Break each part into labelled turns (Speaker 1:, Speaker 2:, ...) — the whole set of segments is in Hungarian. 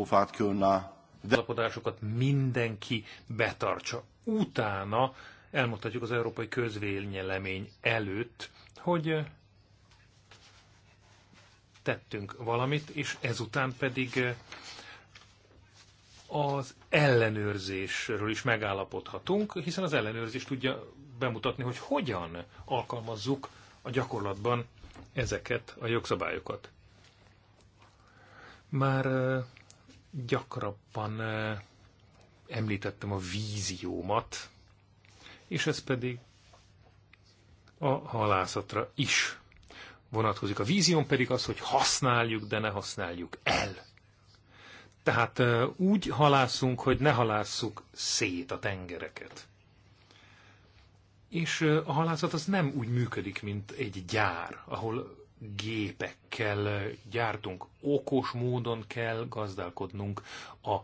Speaker 1: of att De...
Speaker 2: Alapodásokat mindenki betartsa. Utána elmondhatjuk az európai közvélemény előtt, hogy tettünk valamit, és ezután pedig az ellenőrzésről is megállapodhatunk, hiszen az ellenőrzés tudja bemutatni, hogy hogyan alkalmazzuk a gyakorlatban ezeket a jogszabályokat. Már gyakrabban említettem a víziómat, és ez pedig a halászatra is vonatkozik. A vízión pedig az, hogy használjuk, de ne használjuk el. Tehát úgy halászunk, hogy ne halásszuk szét a tengereket. És a halászat az nem úgy működik, mint egy gyár, ahol gépekkel gyártunk, okos módon kell gazdálkodnunk a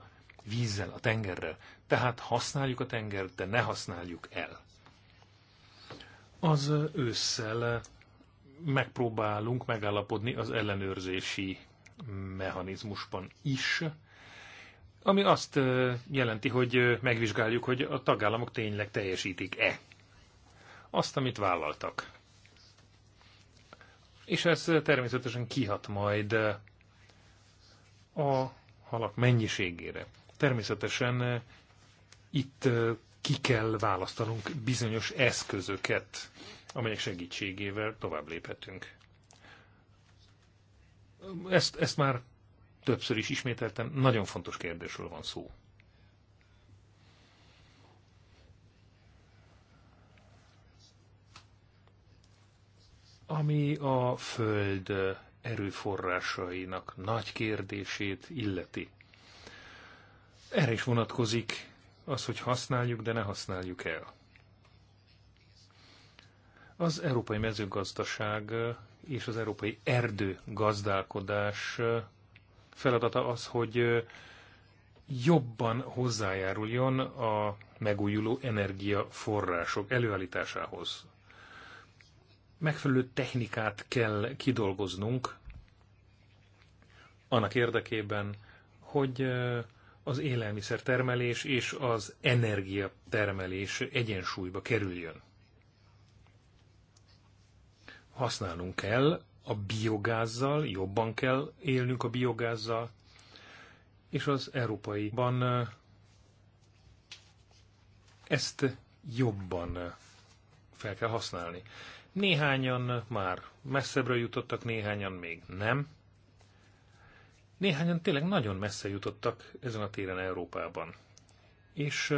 Speaker 2: vízzel, a tengerrel. Tehát használjuk a tengert, de ne használjuk el. Az ősszel megpróbálunk megállapodni az ellenőrzési mechanizmusban is, ami azt jelenti, hogy megvizsgáljuk, hogy a tagállamok tényleg teljesítik-e azt, amit vállaltak. És ez természetesen kihat majd a halak mennyiségére. Természetesen eh, itt eh, ki kell választanunk bizonyos eszközöket, amelyek segítségével tovább léphetünk. Ezt, ezt már többször is ismételtem, nagyon fontos kérdésről van szó. Ami a Föld erőforrásainak nagy kérdését illeti. Erre is vonatkozik az, hogy használjuk, de ne használjuk el. Az európai mezőgazdaság és az európai erdőgazdálkodás feladata az, hogy jobban hozzájáruljon a megújuló energiaforrások előállításához megfelelő technikát kell kidolgoznunk annak érdekében, hogy az élelmiszertermelés és az energiatermelés egyensúlyba kerüljön. Használnunk kell a biogázzal, jobban kell élnünk a biogázzal, és az európaiban ezt jobban fel kell használni. Néhányan már messzebbre jutottak, néhányan még nem. Néhányan tényleg nagyon messze jutottak ezen a téren Európában. És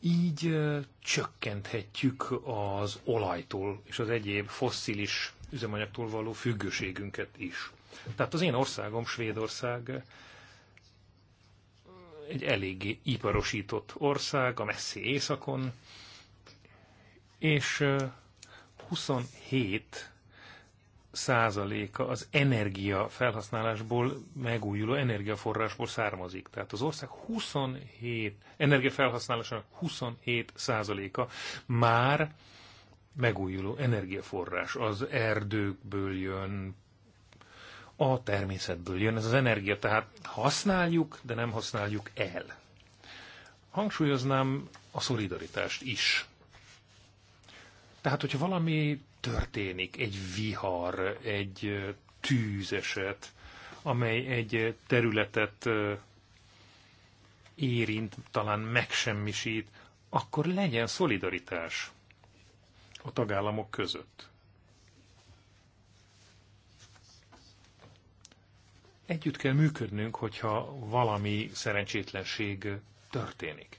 Speaker 2: így csökkenthetjük az olajtól és az egyéb fosszilis üzemanyagtól való függőségünket is. Tehát az én országom, Svédország, egy eléggé iparosított ország a messzi északon, és 27 százaléka az energia felhasználásból, megújuló energiaforrásból származik. Tehát az ország 27, energiafelhasználásának 27 százaléka már megújuló energiaforrás. Az erdőkből jön, a természetből jön ez az energia, tehát használjuk, de nem használjuk el. Hangsúlyoznám a szolidaritást is. Tehát, hogyha valami történik, egy vihar, egy tűzeset, amely egy területet érint, talán megsemmisít, akkor legyen szolidaritás a tagállamok között. Együtt kell működnünk, hogyha valami szerencsétlenség történik.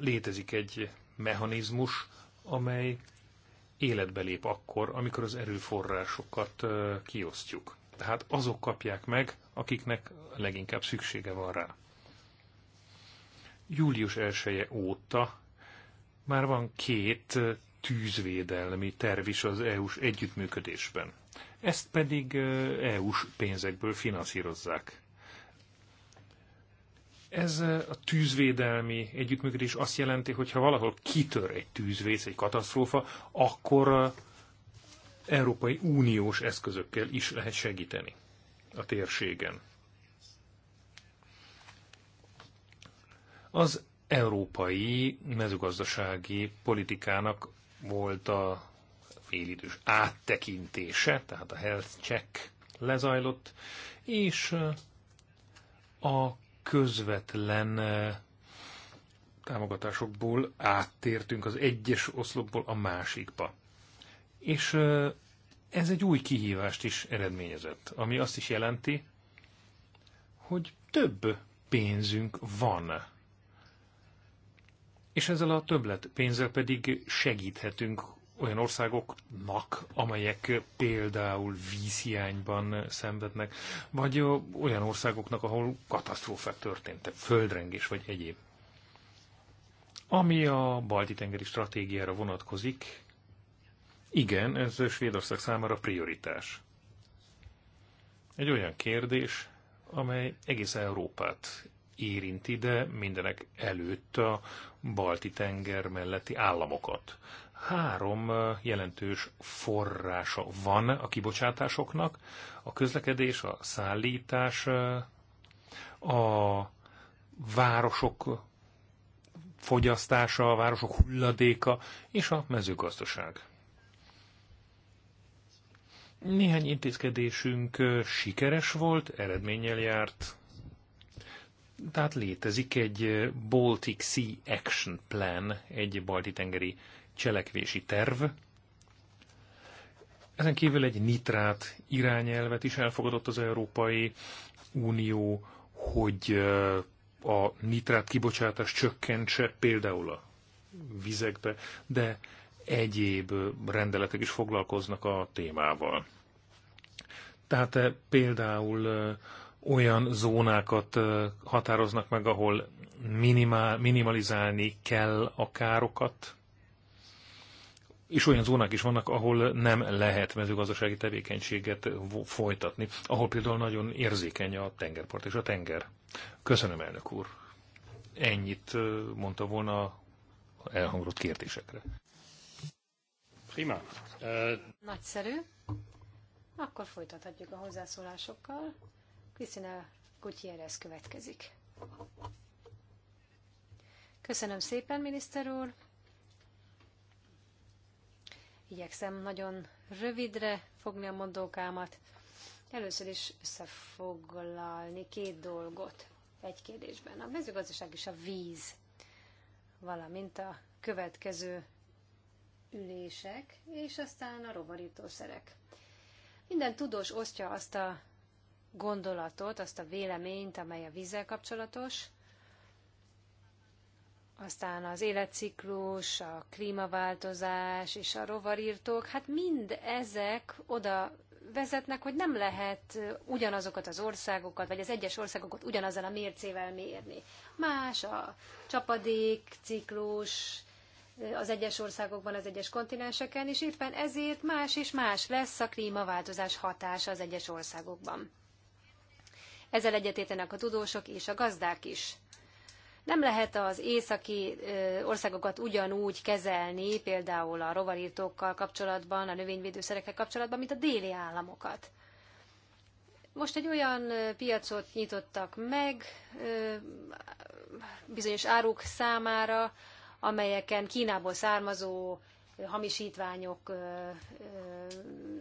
Speaker 2: Létezik egy mechanizmus, amely életbe lép akkor, amikor az erőforrásokat kiosztjuk. Tehát azok kapják meg, akiknek leginkább szüksége van rá. Július 1 -e óta már van két tűzvédelmi terv is az EU-s együttműködésben. Ezt pedig EU-s pénzekből finanszírozzák. Ez a tűzvédelmi együttműködés azt jelenti, hogy ha valahol kitör egy tűzvész, egy katasztrófa, akkor Európai Uniós eszközökkel is lehet segíteni a térségen. Az európai mezőgazdasági politikának volt a félidős áttekintése, tehát a health check lezajlott, és a közvetlen eh, támogatásokból áttértünk az egyes oszlopból a másikba. És eh, ez egy új kihívást is eredményezett, ami azt is jelenti, hogy több pénzünk van. És ezzel a többlet pénzzel pedig segíthetünk olyan országoknak, amelyek például vízhiányban szenvednek, vagy olyan országoknak, ahol katasztrófák történtek, földrengés vagy egyéb. Ami a balti-tengeri stratégiára vonatkozik, igen, ez a Svédország számára prioritás. Egy olyan kérdés, amely egész Európát érinti, de mindenek előtt a balti tenger melletti államokat három jelentős forrása van a kibocsátásoknak, a közlekedés, a szállítás, a városok fogyasztása, a városok hulladéka és a mezőgazdaság. Néhány intézkedésünk sikeres volt, eredménnyel járt. Tehát létezik egy Baltic Sea Action Plan, egy balti tengeri cselekvési terv. Ezen kívül egy nitrát irányelvet is elfogadott az Európai Unió, hogy a nitrát kibocsátás csökkentse például a vizekbe, de egyéb rendeletek is foglalkoznak a témával. Tehát például olyan zónákat határoznak meg, ahol minimál, minimalizálni kell a károkat, és olyan zónák is vannak, ahol nem lehet mezőgazdasági tevékenységet folytatni, ahol például nagyon érzékeny a tengerpart és a tenger. Köszönöm, elnök úr. Ennyit mondta volna elhangzott kérdésekre. Prima. Uh...
Speaker 3: Nagyszerű. Akkor folytathatjuk a hozzászólásokkal. Krisztina Gutierrez következik. Köszönöm szépen, miniszter úr. Igyekszem nagyon rövidre fogni a mondókámat. Először is összefoglalni két dolgot egy kérdésben. A mezőgazdaság és a víz, valamint a következő ülések, és aztán a rovarítószerek. Minden tudós osztja azt a gondolatot, azt a véleményt, amely a vízzel kapcsolatos, aztán az életciklus, a klímaváltozás és a rovarírtók, hát mind ezek oda vezetnek, hogy nem lehet ugyanazokat az országokat, vagy az egyes országokat ugyanazzal a mércével mérni. Más a csapadék, ciklus, az egyes országokban, az egyes kontinenseken, és éppen ezért más és más lesz a klímaváltozás hatása az egyes országokban. Ezzel egyetétenek a tudósok és a gazdák is. Nem lehet az északi országokat ugyanúgy kezelni, például a rovarírtókkal kapcsolatban, a növényvédőszerekkel kapcsolatban, mint a déli államokat. Most egy olyan piacot nyitottak meg bizonyos áruk számára, amelyeken Kínából származó hamisítványok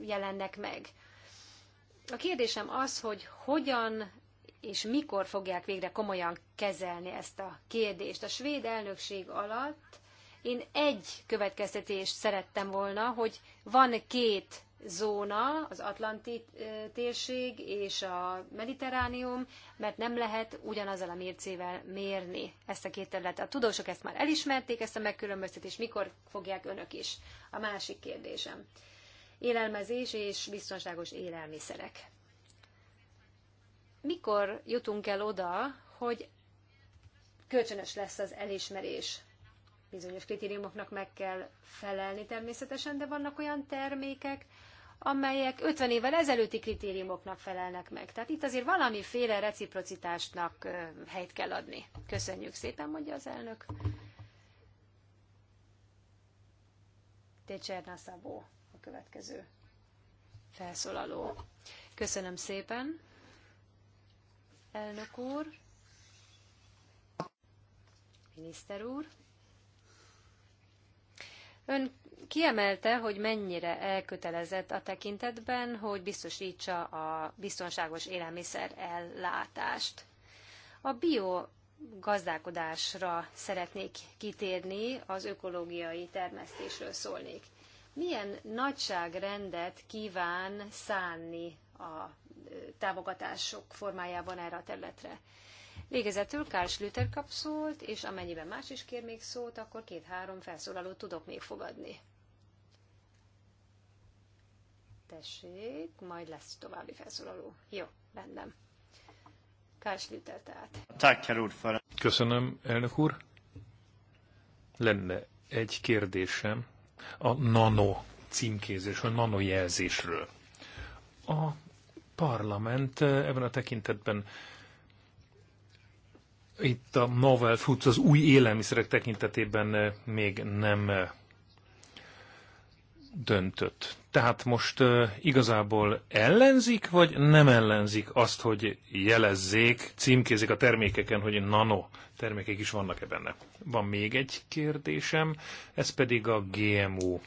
Speaker 3: jelennek meg. A kérdésem az, hogy hogyan és mikor fogják végre komolyan kezelni ezt a kérdést. A svéd elnökség alatt én egy következtetést szerettem volna, hogy van két zóna, az Atlanti térség és a Mediterránium, mert nem lehet ugyanazzal a mércével mérni ezt a két területet. A tudósok ezt már elismerték, ezt a megkülönböztetést, mikor fogják önök is? A másik kérdésem. Élelmezés és biztonságos élelmiszerek mikor jutunk el oda, hogy kölcsönös lesz az elismerés. Bizonyos kritériumoknak meg kell felelni természetesen, de vannak olyan termékek, amelyek 50 évvel ezelőtti kritériumoknak felelnek meg. Tehát itt azért valamiféle reciprocitásnak helyt kell adni. Köszönjük szépen, mondja az elnök. Técserna Szabó a következő felszólaló. Köszönöm szépen elnök úr, miniszter úr. Ön kiemelte, hogy mennyire elkötelezett a tekintetben, hogy biztosítsa a biztonságos élelmiszer ellátást. A bio gazdálkodásra szeretnék kitérni, az ökológiai termesztésről szólnék. Milyen nagyságrendet kíván szánni a támogatások formájában erre a területre. Végezetül Karl Schlüter kap szólt, és amennyiben más is kér még szót, akkor két-három felszólalót tudok még fogadni. Tessék, majd lesz további felszólaló. Jó, rendben. Karl Schlüter
Speaker 2: tehát. Köszönöm, elnök úr. Lenne egy kérdésem a nano címkézés, a nano jelzésről. A parlament eh, ebben a tekintetben itt a novel foods, az új élelmiszerek tekintetében eh, még nem eh, döntött. Tehát most igazából ellenzik, vagy nem ellenzik azt, hogy jelezzék, címkézik a termékeken, hogy nano termékek is vannak-e benne? Van még egy kérdésem, ez pedig a GMO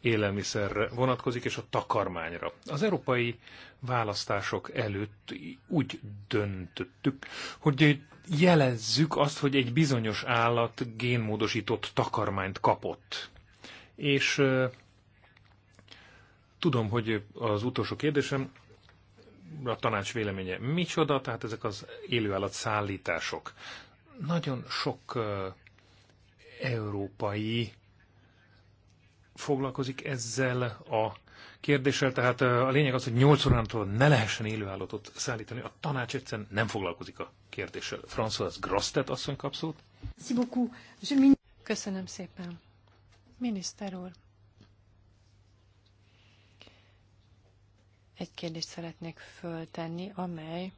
Speaker 2: élelmiszerre vonatkozik, és a takarmányra. Az európai választások előtt úgy döntöttük, hogy jelezzük azt, hogy egy bizonyos állat génmódosított takarmányt kapott. És tudom, hogy az utolsó kérdésem, a tanács véleménye micsoda, tehát ezek az élőállat szállítások. Nagyon sok európai foglalkozik ezzel a kérdéssel, tehát a lényeg az, hogy 8 órától ne lehessen élőállatot szállítani. A tanács egyszerűen nem foglalkozik a kérdéssel. François Grastet asszony kap szót.
Speaker 1: Köszönöm szépen. Miniszter úr, egy kérdést szeretnék föltenni, amely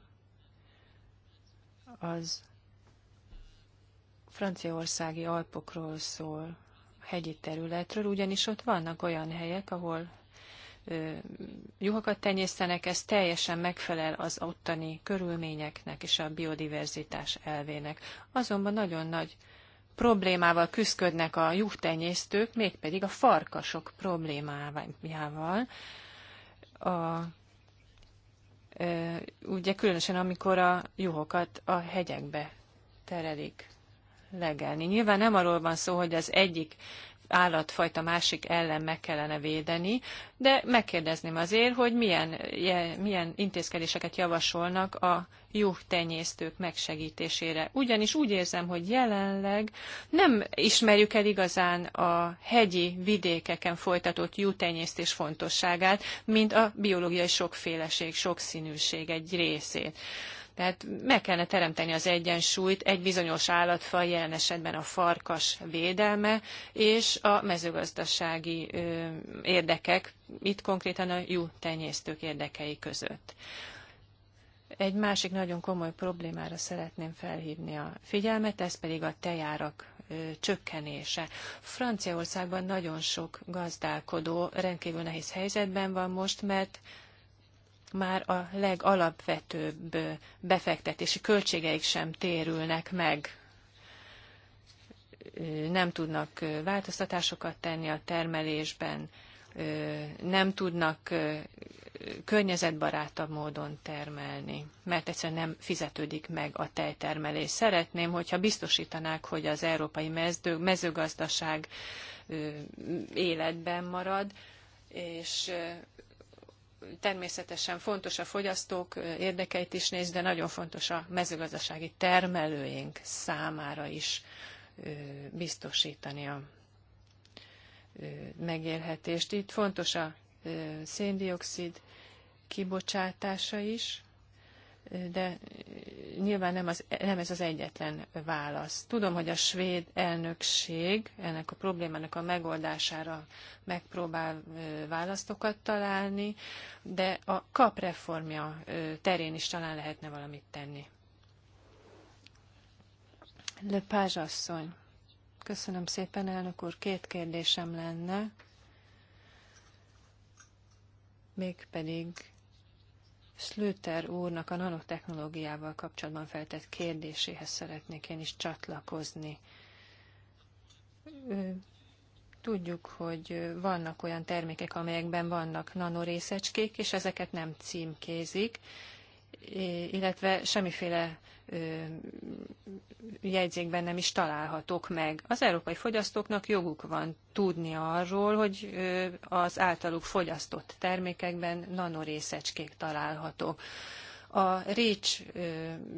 Speaker 1: az franciaországi Alpokról szól hegyi területről, ugyanis ott vannak olyan helyek, ahol juhakat tenyésztenek, ez teljesen megfelel az ottani körülményeknek és a biodiverzitás elvének. Azonban nagyon nagy problémával küzdködnek a juhtenyésztők, mégpedig a farkasok problémájával. A, ugye különösen, amikor a juhokat a hegyekbe terelik legelni. Nyilván nem arról van szó, hogy az egyik állatfajta másik ellen meg kellene védeni, de megkérdezném azért, hogy milyen, milyen intézkedéseket javasolnak a tenyésztők megsegítésére. Ugyanis úgy érzem, hogy jelenleg nem ismerjük el igazán a hegyi vidékeken folytatott tenyésztés fontosságát, mint a biológiai sokféleség, sokszínűség egy részét. Tehát meg kellene teremteni az egyensúlyt egy bizonyos állatfaj, jelen esetben a farkas védelme, és a mezőgazdasági érdekek, itt konkrétan a jú tenyésztők érdekei között. Egy másik nagyon komoly problémára szeretném felhívni a figyelmet, ez pedig a tejárak csökkenése. Franciaországban nagyon sok gazdálkodó rendkívül nehéz helyzetben van most, mert már a legalapvetőbb befektetési költségeik sem térülnek meg. Nem tudnak változtatásokat tenni a termelésben, nem tudnak környezetbarátabb módon termelni, mert egyszerűen nem fizetődik meg a tejtermelés. Szeretném, hogyha biztosítanák, hogy az európai mezdő, mezőgazdaság életben marad, és természetesen fontos a fogyasztók érdekeit is néz, de nagyon fontos a mezőgazdasági termelőink számára is biztosítani a megélhetést. Itt fontos a széndiokszid kibocsátása is, de nyilván nem, az, nem ez az egyetlen válasz. Tudom, hogy a svéd elnökség ennek a problémának a megoldására megpróbál választokat találni, de a kap reformja terén is talán lehetne valamit tenni. Le Pázsasszony. Köszönöm szépen, elnök úr. Két kérdésem lenne. Mégpedig Slüter úrnak a nanotechnológiával kapcsolatban feltett kérdéséhez szeretnék én is csatlakozni. Tudjuk, hogy vannak olyan termékek, amelyekben vannak nanorészecskék, és ezeket nem címkézik, illetve semmiféle jegyzékben nem is találhatók meg. Az európai fogyasztóknak joguk van tudni arról, hogy az általuk fogyasztott termékekben nanorészecskék találhatók a REACH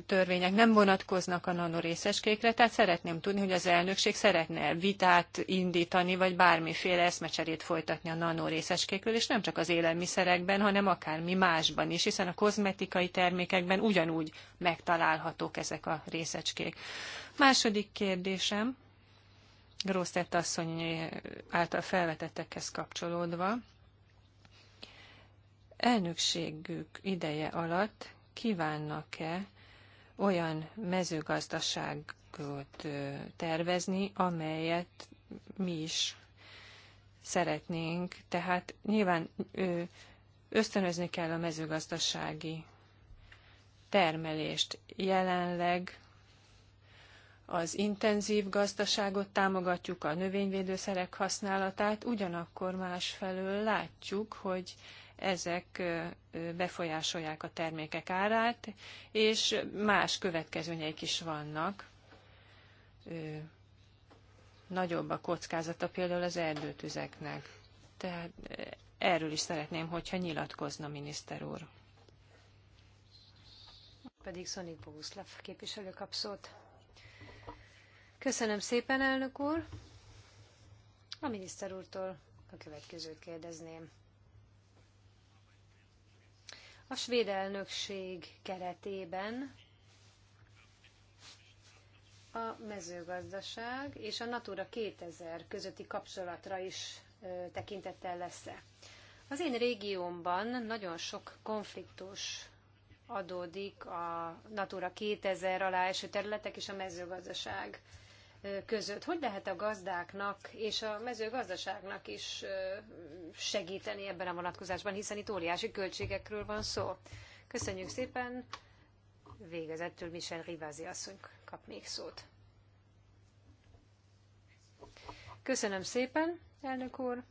Speaker 1: törvények nem vonatkoznak a nanorészecskékre, tehát szeretném tudni, hogy az elnökség szeretne vitát indítani, vagy bármiféle eszmecserét folytatni a nanorészecskékről, és nem csak az élelmiszerekben, hanem akármi másban is, hiszen a kozmetikai termékekben ugyanúgy megtalálhatók ezek a részecskék. Második kérdésem, Grosztett asszony által felvetettekhez kapcsolódva, elnökségük ideje alatt kívánnak-e olyan mezőgazdaságot tervezni, amelyet mi is szeretnénk. Tehát nyilván ösztönözni kell a mezőgazdasági termelést. Jelenleg az intenzív gazdaságot támogatjuk, a növényvédőszerek használatát, ugyanakkor másfelől látjuk, hogy ezek befolyásolják a termékek árát, és más következményeik is vannak. Nagyobb a kockázata például az erdőtüzeknek. Tehát erről is szeretném, hogyha nyilatkozna miniszter úr.
Speaker 3: Pedig Szonik Boguszlav képviselő kap szót.
Speaker 1: Köszönöm szépen,
Speaker 3: elnök úr. A miniszter úrtól a következőt kérdezném a svéd elnökség keretében a mezőgazdaság és a Natura 2000 közötti kapcsolatra is tekintettel lesz -e. Az én régiómban nagyon sok konfliktus adódik a Natura 2000 alá eső területek és a mezőgazdaság között. Hogy lehet a gazdáknak és a mezőgazdaságnak is segíteni ebben a vonatkozásban, hiszen itt óriási költségekről van szó. Köszönjük szépen. Végezettől Michel Rivázi asszony kap még szót. Köszönöm szépen, elnök úr.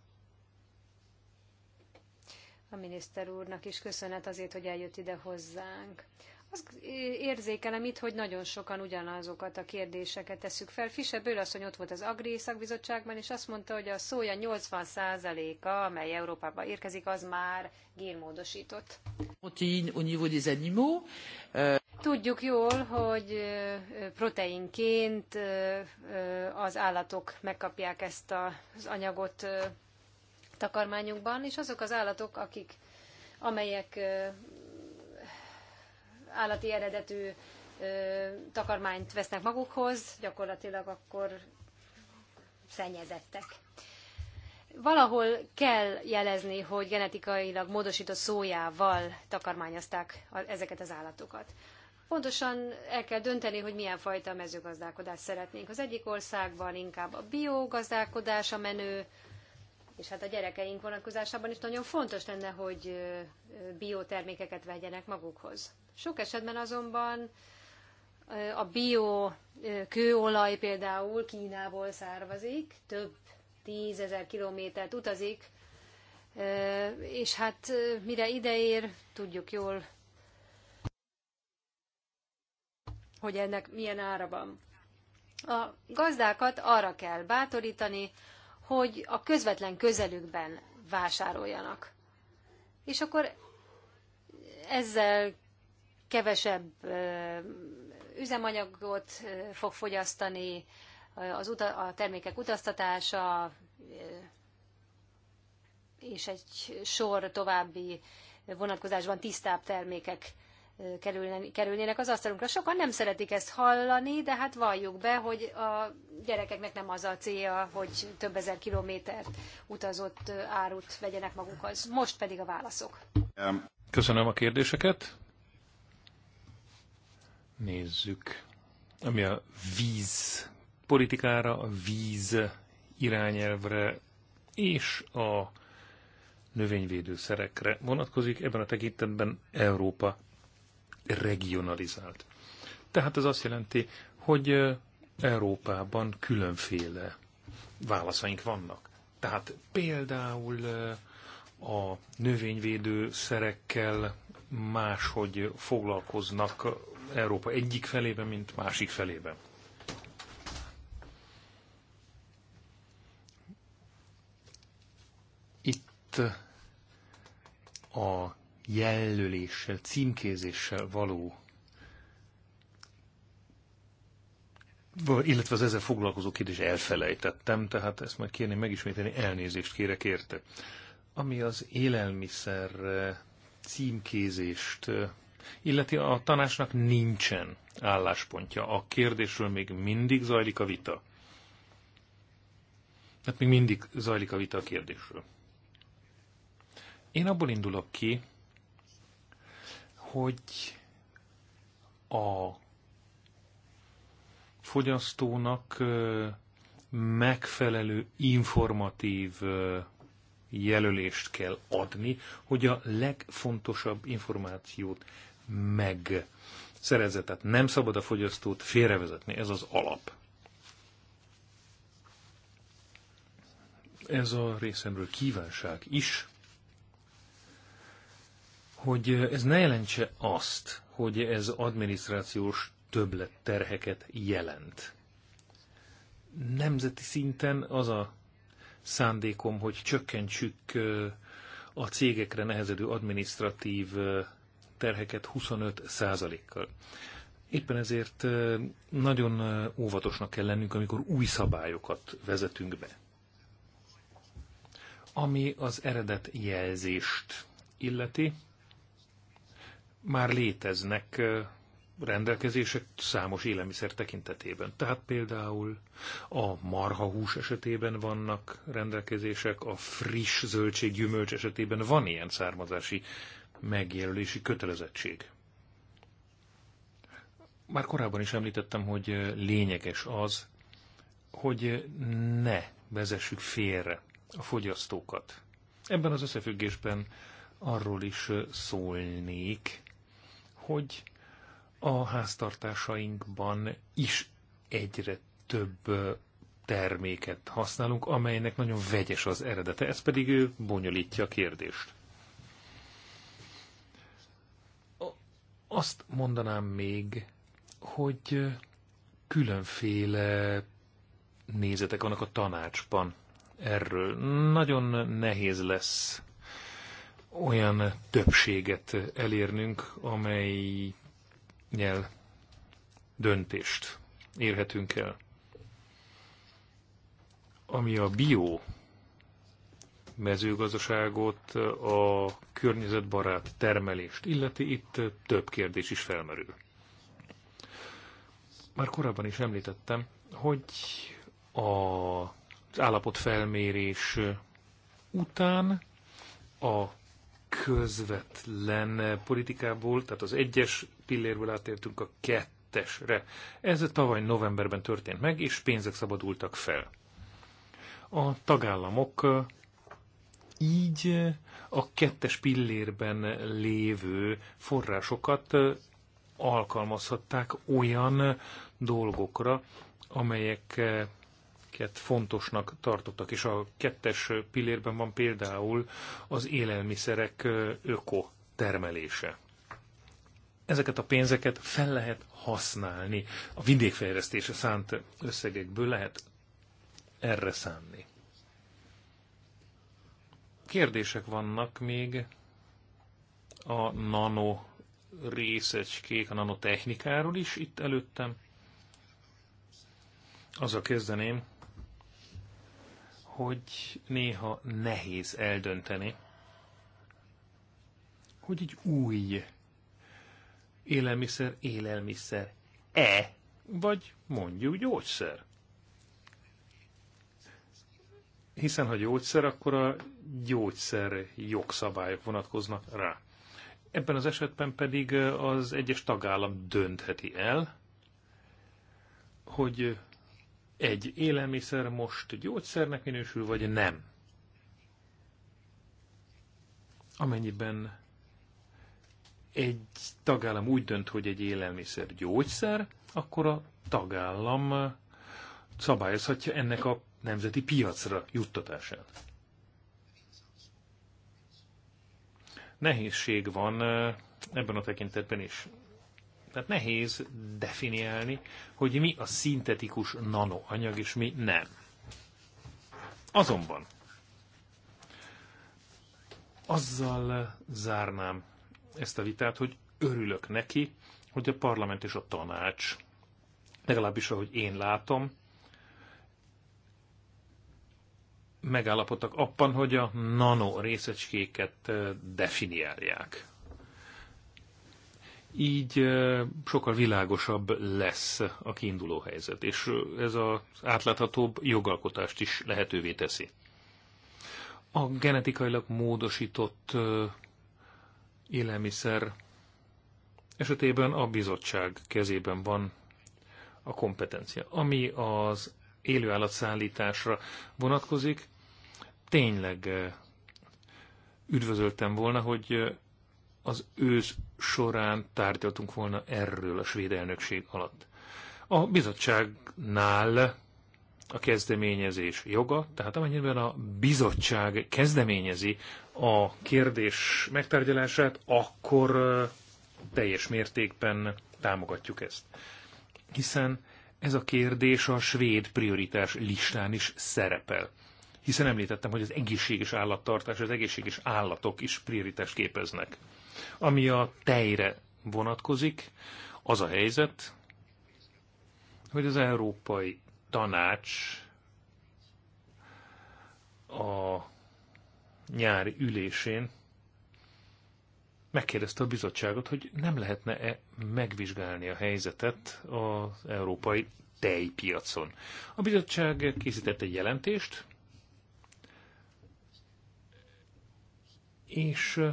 Speaker 3: A miniszter úrnak is köszönet azért, hogy eljött ide hozzánk. Azt érzékelem itt, hogy nagyon sokan ugyanazokat a kérdéseket tesszük fel. Fischer Ből asszony ott volt az Agri szakbizottságban, és azt mondta, hogy a szója 80%-a, amely Európába érkezik, az már génmódosított.
Speaker 2: des animaux. Euh,
Speaker 3: Tudjuk jól, hogy proteinként az állatok megkapják ezt az anyagot takarmányukban, és azok az állatok, akik amelyek állati eredetű takarmányt vesznek magukhoz, gyakorlatilag akkor szennyezettek. Valahol kell jelezni, hogy genetikailag módosított szójával takarmányozták ezeket az állatokat. Pontosan el kell dönteni, hogy milyen fajta mezőgazdálkodást szeretnénk. Az egyik országban inkább a biogazdálkodás a menő, és hát a gyerekeink vonatkozásában is nagyon fontos lenne, hogy biotermékeket vegyenek magukhoz. Sok esetben azonban a bio kőolaj például Kínából származik, több tízezer kilométert utazik, és hát mire ideér, tudjuk jól, hogy ennek milyen ára van. A gazdákat arra kell bátorítani, hogy a közvetlen közelükben vásároljanak. És akkor ezzel kevesebb üzemanyagot fog fogyasztani, az uta, a termékek utaztatása, és egy sor további vonatkozásban tisztább termékek kerülnének az asztalunkra. Sokan nem szeretik ezt hallani, de hát valljuk be, hogy a gyerekeknek nem az a célja, hogy több ezer kilométert utazott árut vegyenek magukhoz. Most pedig a válaszok.
Speaker 2: Um, Köszönöm a kérdéseket. Nézzük. Ami a víz politikára, a víz irányelvre és a növényvédőszerekre vonatkozik. Ebben a tekintetben Európa regionalizált. Tehát ez azt jelenti, hogy Európában különféle válaszaink vannak. Tehát például a növényvédő szerekkel máshogy foglalkoznak Európa egyik felében, mint másik felében. Itt a jelöléssel, címkézéssel való, illetve az ezzel foglalkozó kérdés elfelejtettem, tehát ezt majd kérném megismételni, elnézést kérek érte. Ami az élelmiszer eh, címkézést eh, illeti, a tanácsnak nincsen álláspontja. A kérdésről még mindig zajlik a vita. Hát még mindig zajlik a vita a kérdésről. Én abból indulok ki, hogy a fogyasztónak megfelelő informatív jelölést kell adni, hogy a legfontosabb információt meg szerezze. Tehát nem szabad a fogyasztót félrevezetni, ez az alap. Ez a részemről kívánság is, hogy ez ne jelentse azt, hogy ez adminisztrációs többlet terheket jelent. Nemzeti szinten az a szándékom, hogy csökkentsük a cégekre nehezedő adminisztratív terheket 25%-kal. Éppen ezért nagyon óvatosnak kell lennünk, amikor új szabályokat vezetünk be. Ami az eredet jelzést illeti, már léteznek rendelkezések számos élelmiszer tekintetében. Tehát például a marhahús esetében vannak rendelkezések, a friss zöldség, gyümölcs esetében van ilyen származási megjelölési kötelezettség. Már korábban is említettem, hogy lényeges az, hogy ne vezessük félre a fogyasztókat. Ebben az összefüggésben arról is szólnék, hogy a háztartásainkban is egyre több terméket használunk, amelynek nagyon vegyes az eredete. Ez pedig ő bonyolítja a kérdést. Azt mondanám még, hogy különféle nézetek vannak a tanácsban erről. Nagyon nehéz lesz olyan többséget elérnünk, amelynyel döntést érhetünk el. Ami a bio mezőgazdaságot, a környezetbarát termelést illeti, itt több kérdés is felmerül. Már korábban is említettem, hogy a, az állapotfelmérés után a közvetlen politikából, tehát az egyes pillérből átértünk a kettesre. Ez tavaly novemberben történt meg, és pénzek szabadultak fel. A tagállamok így a kettes pillérben lévő forrásokat alkalmazhatták olyan dolgokra, amelyek amiket fontosnak tartottak, és a kettes pillérben van például az élelmiszerek öko termelése. Ezeket a pénzeket fel lehet használni. A vidékfejlesztése szánt összegekből lehet erre szánni. Kérdések vannak még a nano részecskék, a nanotechnikáról is itt előttem. Azzal kezdeném, hogy néha nehéz eldönteni, hogy egy új élelmiszer, élelmiszer e, vagy mondjuk gyógyszer. Hiszen ha gyógyszer, akkor a gyógyszer jogszabályok vonatkoznak rá. Ebben az esetben pedig az egyes tagállam döntheti el, hogy egy élelmiszer most gyógyszernek minősül, vagy nem. Amennyiben egy tagállam úgy dönt, hogy egy élelmiszer gyógyszer, akkor a tagállam szabályozhatja ennek a nemzeti piacra juttatását. Nehézség van eh, ebben a tekintetben is. Tehát nehéz definiálni, hogy mi a szintetikus nanoanyag, és mi nem. Azonban azzal zárnám ezt a vitát, hogy örülök neki, hogy a parlament és a tanács, legalábbis ahogy én látom, megállapodtak abban, hogy a nano részecskéket definiálják így sokkal világosabb lesz a kiinduló helyzet, és ez az átláthatóbb jogalkotást is lehetővé teszi. A genetikailag módosított élelmiszer esetében a bizottság kezében van a kompetencia. Ami az élőállatszállításra vonatkozik, tényleg üdvözöltem volna, hogy az ősz során tárgyaltunk volna erről a svéd elnökség alatt. A bizottságnál a kezdeményezés joga, tehát amennyiben a bizottság kezdeményezi a kérdés megtárgyalását, akkor teljes mértékben támogatjuk ezt. Hiszen ez a kérdés a svéd prioritás listán is szerepel. Hiszen említettem, hogy az egészséges állattartás, az egészséges állatok is prioritást képeznek. Ami a tejre vonatkozik, az a helyzet, hogy az Európai Tanács a nyári ülésén megkérdezte a bizottságot, hogy nem lehetne-e megvizsgálni a helyzetet az európai tejpiacon. A bizottság készített egy jelentést, és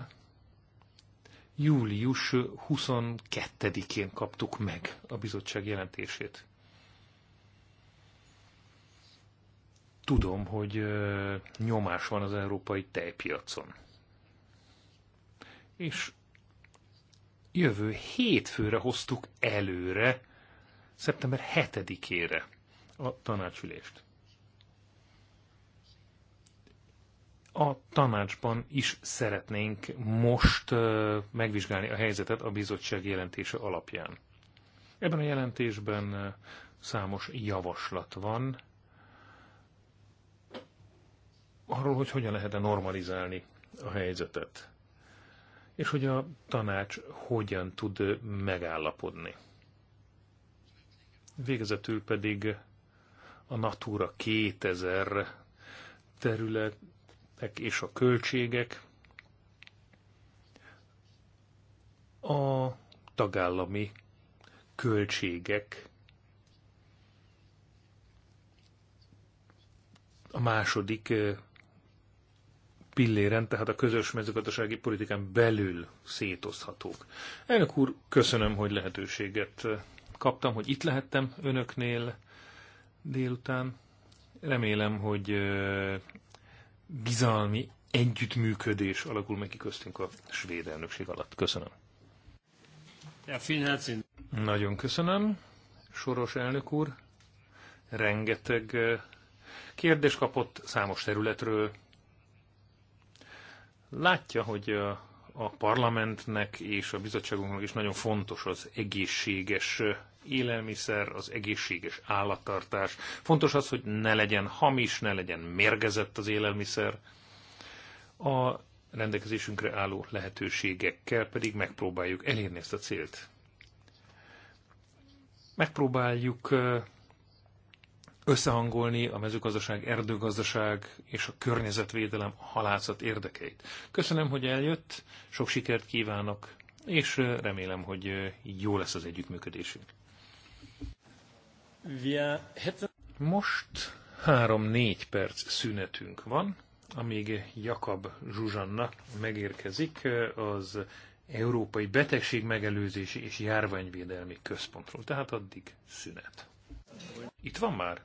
Speaker 2: július 22-én kaptuk meg a bizottság jelentését. Tudom, hogy nyomás van az európai tejpiacon. És jövő hétfőre hoztuk előre, szeptember 7-ére a tanácsülést. a tanácsban is szeretnénk most megvizsgálni a helyzetet a bizottság jelentése alapján. Ebben a jelentésben számos javaslat van arról, hogy hogyan lehetne normalizálni a helyzetet, és hogy a tanács hogyan tud megállapodni. Végezetül pedig a Natura 2000 terület és a költségek a tagállami költségek a második pilléren, tehát a közös mezőgazdasági politikán belül szétozhatók. Elnök úr, köszönöm, hogy lehetőséget kaptam, hogy itt lehettem önöknél délután. Remélem, hogy bizalmi együttműködés alakul meg ki köztünk a svéd elnökség alatt. Köszönöm. Ja, vielen Nagyon köszönöm, Soros elnök úr. Rengeteg eh, kérdés kapott számos területről. Látja, hogy eh, a parlamentnek és a bizottságunknak is nagyon fontos az egészséges eh, élelmiszer, az egészséges állattartás. Fontos az, hogy ne legyen hamis, ne legyen mérgezett az élelmiszer. A rendelkezésünkre álló lehetőségekkel pedig megpróbáljuk elérni ezt a célt. Megpróbáljuk összehangolni a mezőgazdaság, erdőgazdaság és a környezetvédelem a halászat érdekeit. Köszönöm, hogy eljött, sok sikert kívánok, és remélem, hogy jó lesz az együttműködésünk. Most három-négy perc szünetünk van, amíg Jakab Zsuzsanna megérkezik az Európai Betegség Megelőzési és Járványvédelmi Központról. Tehát addig szünet. Itt van már?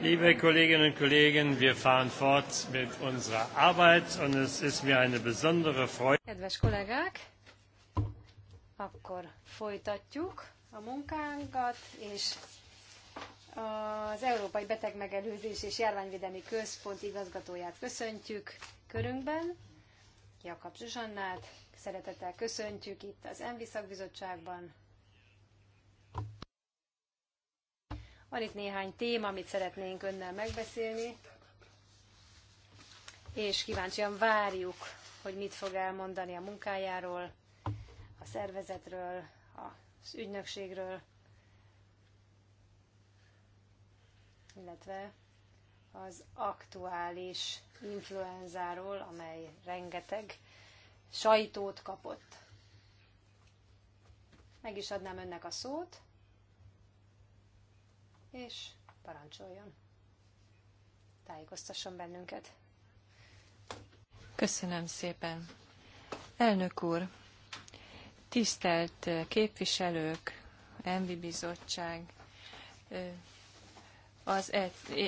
Speaker 2: Liebe Kolleginnen und Kollegen, wir fahren fort mit unserer Arbeit und es ist mir eine besondere Freude.
Speaker 3: Kedves kollégák, akkor folytatjuk a munkánkat, és az Európai Betegmegelőzés és Járványvédelmi Központ igazgatóját köszöntjük körünkben, Jakab Zsuzsannát. Szeretettel köszöntjük itt az ENVI szakbizottságban, Van itt néhány téma, amit szeretnénk önnel megbeszélni, és kíváncsian várjuk, hogy mit fog elmondani a munkájáról, a szervezetről, az ügynökségről, illetve az aktuális influenzáról, amely rengeteg sajtót kapott. Meg is adnám önnek a szót és parancsoljon. Tájékoztasson bennünket.
Speaker 1: Köszönöm szépen. Elnök úr, tisztelt képviselők, Envi Bizottság, az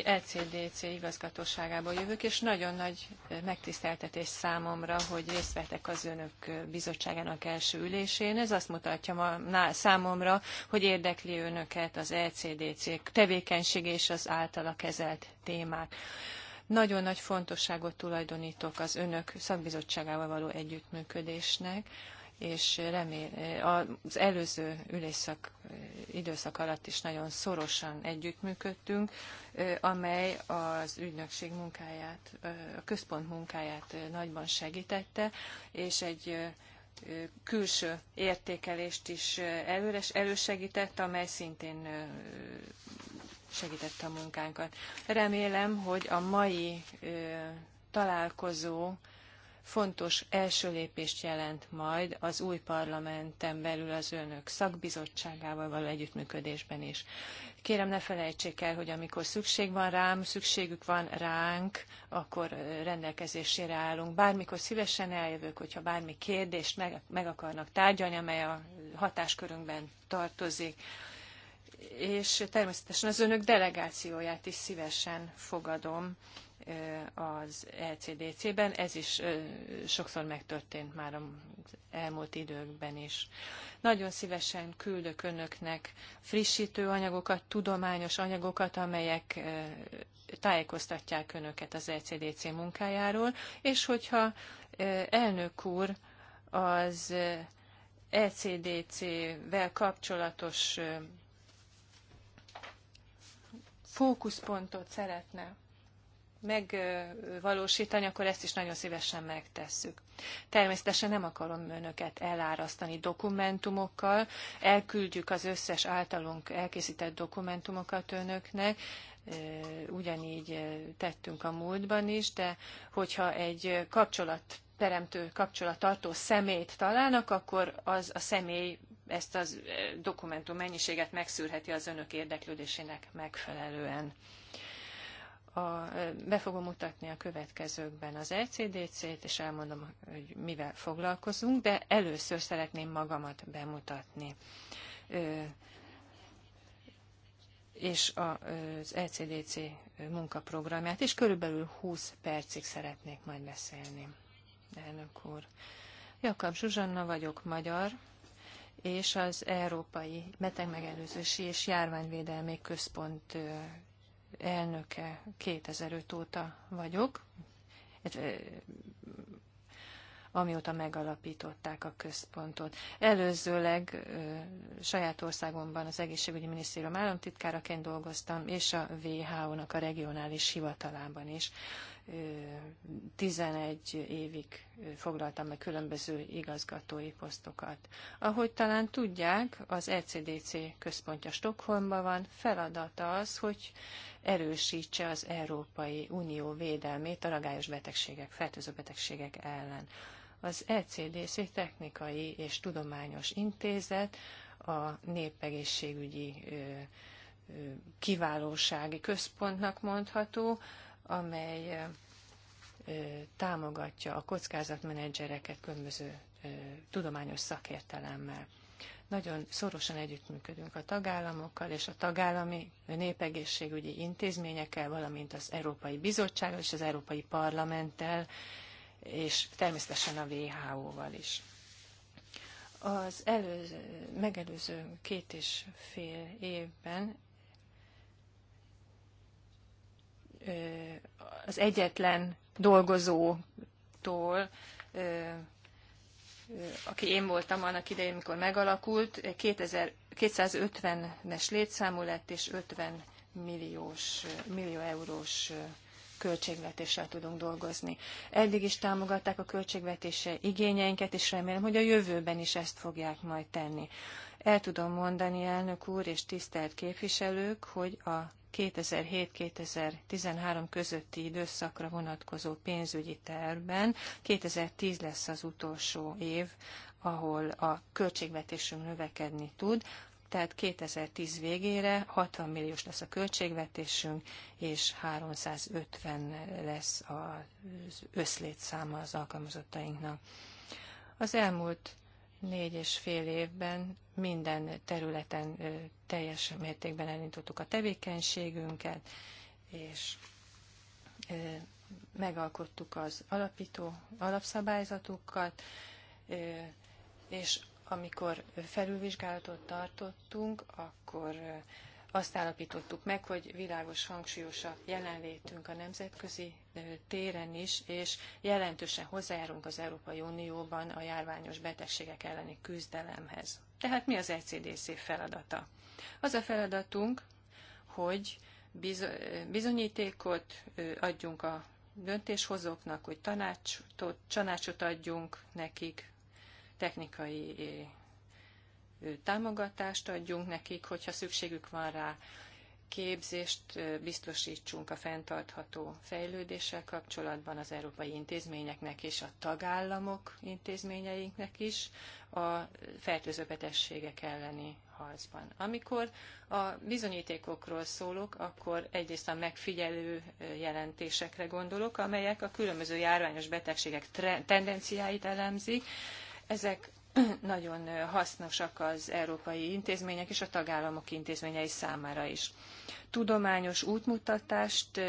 Speaker 1: ECDC igazgatóságából jövök, és nagyon nagy megtiszteltetés számomra, hogy részt vettek az önök bizottságának első ülésén. Ez azt mutatja ma, számomra, hogy érdekli önöket az ECDC tevékenység és az általa kezelt témák. Nagyon nagy fontosságot tulajdonítok az önök szakbizottságával való együttműködésnek és remél, eh, az előző ülésszak eh, időszak alatt is nagyon szorosan együttműködtünk, eh, amely az ügynökség munkáját, a központ munkáját nagyban segítette, és egy külső értékelést is előre, elősegített, amely szintén segítette a munkánkat. Remélem, hogy a mai találkozó fontos első lépést jelent majd az új parlamenten belül az önök szakbizottságával való együttműködésben is. Kérem, ne felejtsék el, hogy amikor szükség van rám, szükségük van ránk, akkor rendelkezésére állunk. Bármikor szívesen eljövök, hogyha bármi kérdést meg, meg akarnak tárgyalni, amely a hatáskörünkben tartozik és természetesen az önök delegációját is szívesen fogadom az ECDC-ben. Ez is sokszor megtörtént már az elmúlt időkben is. Nagyon szívesen küldök önöknek frissítő anyagokat, tudományos anyagokat, amelyek tájékoztatják önöket az ECDC munkájáról, és hogyha elnök úr az ECDC-vel kapcsolatos fókuszpontot szeretne megvalósítani, akkor ezt is nagyon szívesen megtesszük. Természetesen nem akarom önöket elárasztani dokumentumokkal, elküldjük az összes általunk elkészített dokumentumokat önöknek, ugyanígy tettünk a múltban is, de hogyha egy kapcsolat teremtő kapcsolattartó személyt találnak, akkor az a személy ezt a dokumentum mennyiséget megszűrheti az önök érdeklődésének megfelelően a, be fogom mutatni a következőkben az ECDC-t, és elmondom, hogy mivel foglalkozunk, de először szeretném magamat bemutatni. És az ECDC munkaprogramját, és körülbelül 20 percig szeretnék majd beszélni. Elnök úr. Jakab Zsuzsanna vagyok, magyar, és az Európai Betegmegelőzési és Járványvédelmi Központ elnöke 2005 óta vagyok, amióta megalapították a központot. Előzőleg saját országomban az egészségügyi minisztérium államtitkáraként dolgoztam, és a WHO-nak a regionális hivatalában is. 11 évig foglaltam meg különböző igazgatói posztokat. Ahogy talán tudják, az ECDC központja Stockholmban van, feladata az, hogy erősítse az Európai Unió védelmét a ragályos betegségek, fertőző betegségek ellen. Az ECDC technikai és tudományos intézet a népegészségügyi kiválósági központnak mondható, amely támogatja a kockázatmenedzsereket különböző tudományos szakértelemmel. Nagyon szorosan együttműködünk a tagállamokkal és a tagállami népegészségügyi intézményekkel, valamint az Európai Bizottsággal és az Európai Parlamenttel, és természetesen a WHO-val is. Az előző, megelőző két és fél évben az egyetlen dolgozótól, aki én voltam annak idején, amikor megalakult, 2000, 250-es létszámú lett, és 50 milliós, millió eurós költségvetéssel tudunk dolgozni. Eddig is támogatták a költségvetése igényeinket, és remélem, hogy a jövőben is ezt fogják majd tenni. El tudom mondani, elnök úr és tisztelt képviselők, hogy a 2007-2013 közötti időszakra vonatkozó pénzügyi tervben 2010 lesz az utolsó év, ahol a költségvetésünk növekedni tud, tehát 2010 végére 60 milliós lesz a költségvetésünk, és 350 lesz az összlétszáma az alkalmazottainknak. Az elmúlt négy és fél évben minden területen teljes mértékben elindultuk a tevékenységünket, és megalkottuk az alapító alapszabályzatukat, és amikor felülvizsgálatot tartottunk, akkor azt állapítottuk meg, hogy világos hangsúlyos a jelenlétünk a nemzetközi téren is, és jelentősen hozzájárunk az Európai Unióban a járványos betegségek elleni küzdelemhez. Tehát mi az ECDC feladata? Az a feladatunk, hogy bizonyítékot adjunk a döntéshozóknak, hogy tanácsot, tanácsot adjunk nekik, technikai támogatást adjunk nekik, hogyha szükségük van rá, képzést biztosítsunk a fenntartható fejlődéssel kapcsolatban az európai intézményeknek és a tagállamok intézményeinknek is a fertőző betegségek elleni harcban. Amikor a bizonyítékokról szólok, akkor egyrészt a megfigyelő jelentésekre gondolok, amelyek a különböző járványos betegségek tendenciáit elemzik. Ezek nagyon hasznosak az európai intézmények és a tagállamok intézményei számára is. Tudományos útmutatást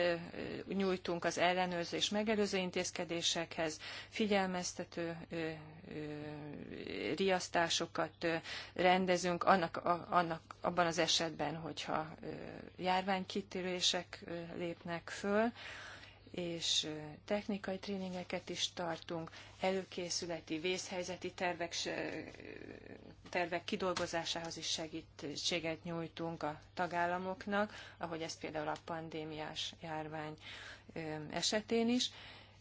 Speaker 1: nyújtunk az ellenőrzés megelőző intézkedésekhez, figyelmeztető riasztásokat rendezünk annak, annak, abban az esetben, hogyha járványkitérések lépnek föl és technikai tréningeket is tartunk, előkészületi, vészhelyzeti tervek, tervek kidolgozásához is segítséget nyújtunk a tagállamoknak, ahogy ez például a pandémiás járvány esetén is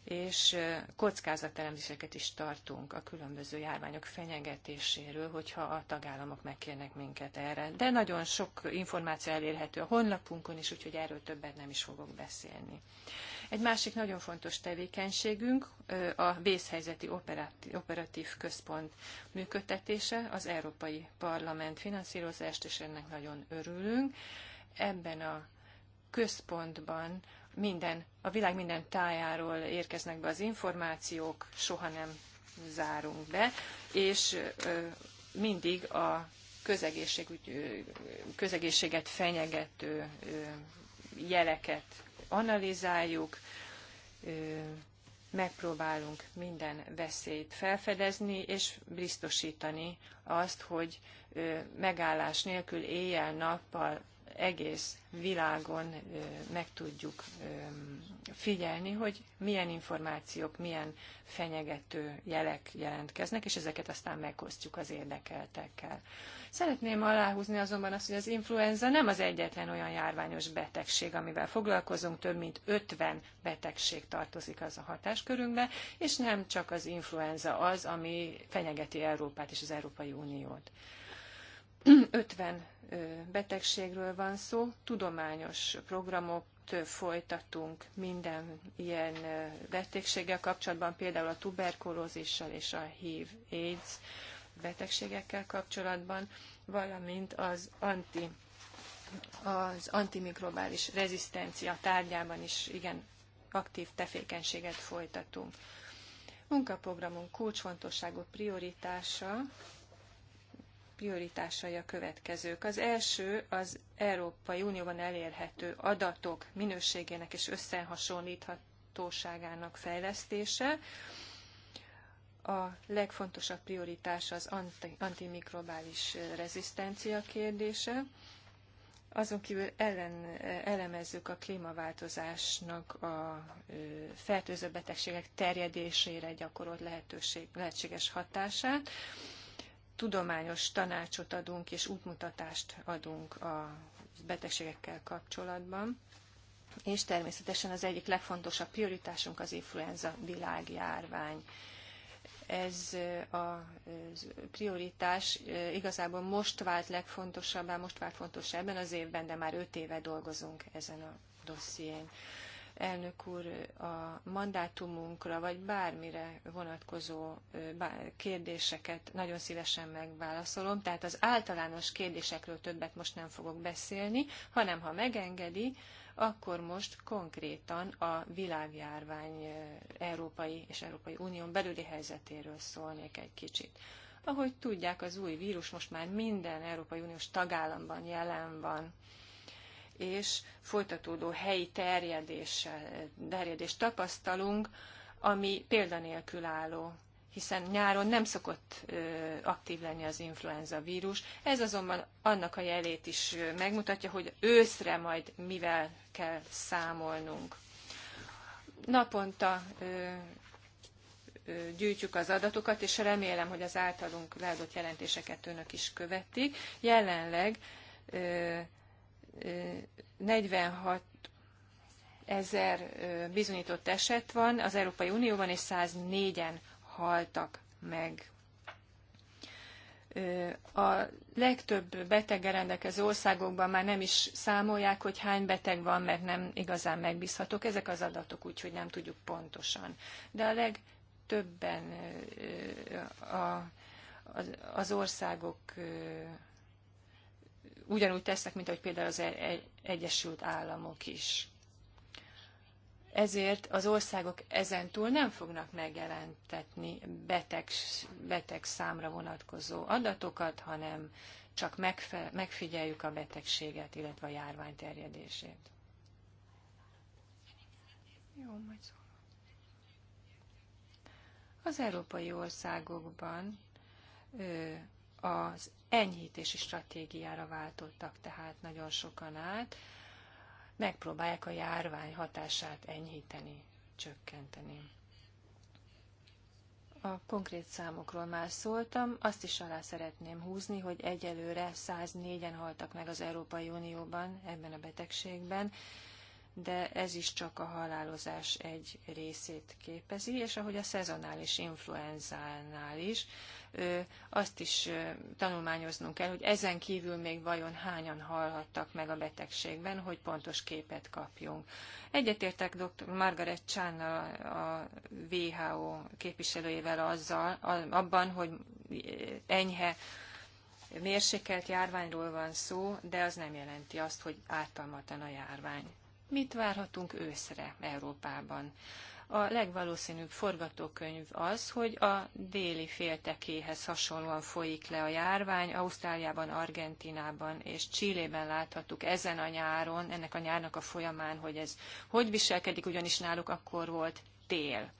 Speaker 1: és kockázatelemzéseket is tartunk a különböző járványok fenyegetéséről, hogyha a tagállamok megkérnek minket erre. De nagyon sok információ elérhető a honlapunkon is, úgyhogy erről többet nem is fogok beszélni. Egy másik nagyon fontos tevékenységünk a vészhelyzeti operatív központ működtetése, az Európai Parlament finanszírozást, és ennek nagyon örülünk. Ebben a központban minden, a világ minden tájáról érkeznek be az információk, soha nem zárunk be, és mindig a közegészség, közegészséget fenyegető jeleket analizáljuk, megpróbálunk minden veszélyt felfedezni, és biztosítani azt, hogy megállás nélkül éjjel-nappal egész világon meg tudjuk figyelni, hogy milyen információk, milyen fenyegető jelek jelentkeznek, és ezeket aztán megosztjuk az érdekeltekkel. Szeretném aláhúzni azonban azt, hogy az influenza nem az egyetlen olyan járványos betegség, amivel foglalkozunk, több mint 50 betegség tartozik az a hatáskörünkbe, és nem csak az influenza az, ami fenyegeti Európát és az Európai Uniót. 50 betegségről van szó, tudományos programot folytatunk minden ilyen betegséggel kapcsolatban, például a tuberkulózissal és a HIV, AIDS betegségekkel kapcsolatban, valamint az anti az antimikrobális rezisztencia tárgyában is igen aktív tevékenységet folytatunk. Munkaprogramunk kulcsfontosságú prioritása prioritásai a következők. Az első az Európai Unióban elérhető adatok minőségének és összehasonlíthatóságának fejlesztése. A legfontosabb prioritás az antimikrobális rezisztencia kérdése. Azon kívül ellen, elemezzük a klímaváltozásnak a fertőző betegségek terjedésére gyakorolt lehetőség, lehetséges hatását tudományos tanácsot adunk és útmutatást adunk a betegségekkel kapcsolatban. És természetesen az egyik legfontosabb prioritásunk az influenza világjárvány. Ez a prioritás e, igazából most vált legfontosabbá, most vált fontosabb, ebben az évben, de már öt éve dolgozunk ezen a dosszién elnök úr a mandátumunkra, vagy bármire vonatkozó kérdéseket nagyon szívesen megválaszolom. Tehát az általános kérdésekről többet most nem fogok beszélni, hanem ha megengedi, akkor most konkrétan a világjárvány európai és Európai Unión belüli helyzetéről szólnék egy kicsit. Ahogy tudják, az új vírus most már minden Európai Uniós tagállamban jelen van és folytatódó helyi terjedéssel, terjedést tapasztalunk, ami példanélkül álló hiszen nyáron nem szokott ö, aktív lenni az influenza vírus. Ez azonban annak a jelét is megmutatja, hogy őszre majd mivel kell számolnunk. Naponta ö, ö, gyűjtjük az adatokat, és remélem, hogy az általunk leadott jelentéseket önök is követik. Jelenleg ö, 46 ezer bizonyított eset van az Európai Unióban, és 104-en haltak meg. A legtöbb beteggel rendelkező országokban már nem is számolják, hogy hány beteg van, mert nem igazán megbízhatók ezek az adatok, úgyhogy nem tudjuk pontosan. De a legtöbben az országok ugyanúgy tesznek, mint ahogy például az e- e- Egyesült Államok is. Ezért az országok ezentúl nem fognak megjelentetni beteg, beteg számra vonatkozó adatokat, hanem csak megfe, megfigyeljük a betegséget, illetve a járvány terjedését. Jó, majd szól. Az európai országokban az enyhítési stratégiára váltottak tehát nagyon sokan át, megpróbálják a járvány hatását enyhíteni, csökkenteni. A konkrét számokról már szóltam, azt is alá szeretném húzni, hogy egyelőre 104-en haltak meg az Európai Unióban ebben a betegségben, de ez is csak a halálozás egy részét képezi, és ahogy a szezonális influenzánál is, azt is tanulmányoznunk kell, hogy ezen kívül még vajon hányan hallhattak meg a betegségben, hogy pontos képet kapjunk. Egyetértek dr. Margaret Chan a WHO képviselőjével azzal, abban, hogy enyhe mérsékelt járványról van szó, de az nem jelenti azt, hogy ártalmatlan a járvány. Mit várhatunk őszre Európában? A legvalószínűbb forgatókönyv az, hogy a déli féltekéhez hasonlóan folyik le a járvány. Ausztráliában, Argentinában és Csillében láthattuk ezen a nyáron, ennek a nyárnak a folyamán, hogy ez hogy viselkedik, ugyanis náluk akkor volt tél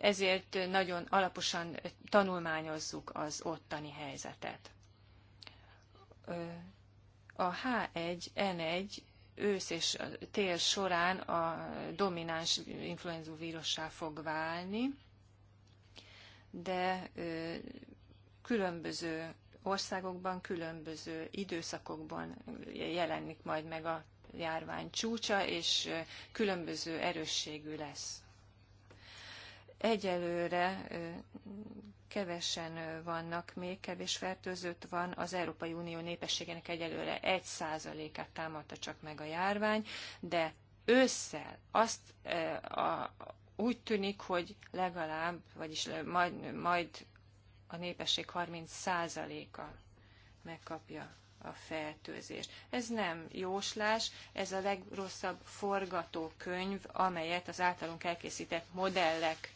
Speaker 1: ezért nagyon alaposan tanulmányozzuk az ottani helyzetet. A H1N1 ősz és tél során a domináns influenzú vírussá fog válni, de különböző országokban, különböző időszakokban jelenik majd meg a járvány csúcsa, és különböző erősségű lesz. Egyelőre kevesen vannak még, kevés fertőzött van, az Európai Unió népességének egyelőre 1%-át támadta csak meg a járvány, de ősszel azt a, úgy tűnik, hogy legalább, vagyis majd, majd a népesség 30%-a megkapja a fertőzést. Ez nem jóslás, ez a legrosszabb forgatókönyv, amelyet az általunk elkészített modellek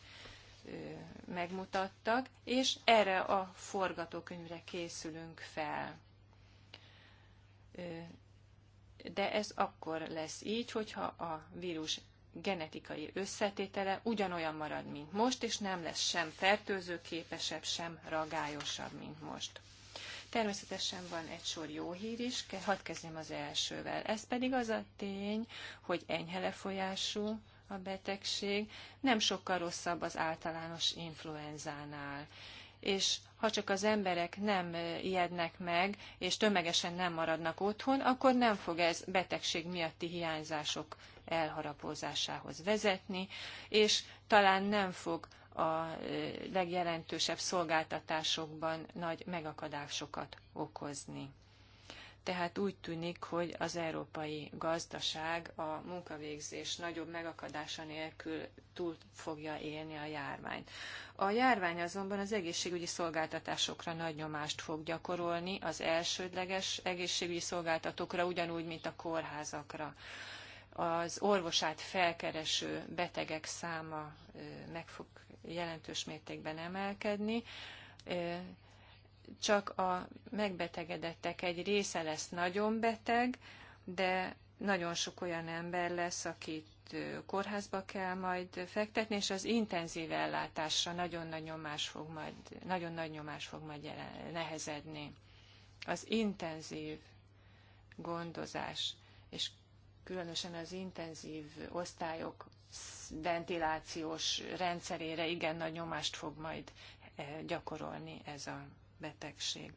Speaker 1: megmutattak, és erre a forgatókönyvre készülünk fel. De ez akkor lesz így, hogyha a vírus genetikai összetétele ugyanolyan marad, mint most, és nem lesz sem fertőzőképesebb, sem ragályosabb, mint most. Természetesen van egy sor jó hír is, hadd kezdjem az elsővel. Ez pedig az a tény, hogy enyhe lefolyású, a betegség, nem sokkal rosszabb az általános influenzánál. És ha csak az emberek nem ijednek meg, és tömegesen nem maradnak otthon, akkor nem fog ez betegség miatti hiányzások elharapózásához vezetni, és talán nem fog a legjelentősebb szolgáltatásokban nagy megakadásokat okozni tehát úgy tűnik, hogy az európai gazdaság a munkavégzés nagyobb megakadása nélkül túl fogja élni a járványt. A járvány azonban az egészségügyi szolgáltatásokra nagy nyomást fog gyakorolni, az elsődleges egészségügyi szolgáltatókra, ugyanúgy, mint a kórházakra. Az orvosát felkereső betegek száma meg fog jelentős mértékben emelkedni csak a megbetegedettek egy része lesz nagyon beteg, de nagyon sok olyan ember lesz, akit kórházba kell majd fektetni, és az intenzív ellátásra nagyon nagy nyomás fog majd, nagyon nagy nyomás fog majd jelen, nehezedni. Az intenzív gondozás, és különösen az intenzív osztályok ventilációs rendszerére igen nagy nyomást fog majd gyakorolni ez a betegség.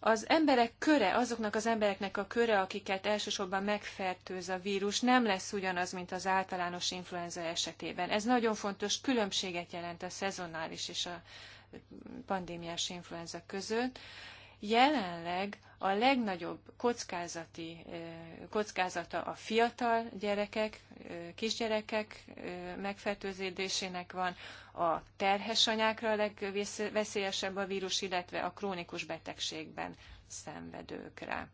Speaker 1: Az emberek köre, azoknak az embereknek a köre, akiket elsősorban megfertőz a vírus, nem lesz ugyanaz, mint az általános influenza esetében. Ez nagyon fontos különbséget jelent a szezonális és a pandémiás influenza között. Jelenleg a legnagyobb kockázati, kockázata a fiatal gyerekek, kisgyerekek megfertőződésének van, a terhes anyákra a legveszélyesebb a vírus, illetve a krónikus betegségben szenvedőkre.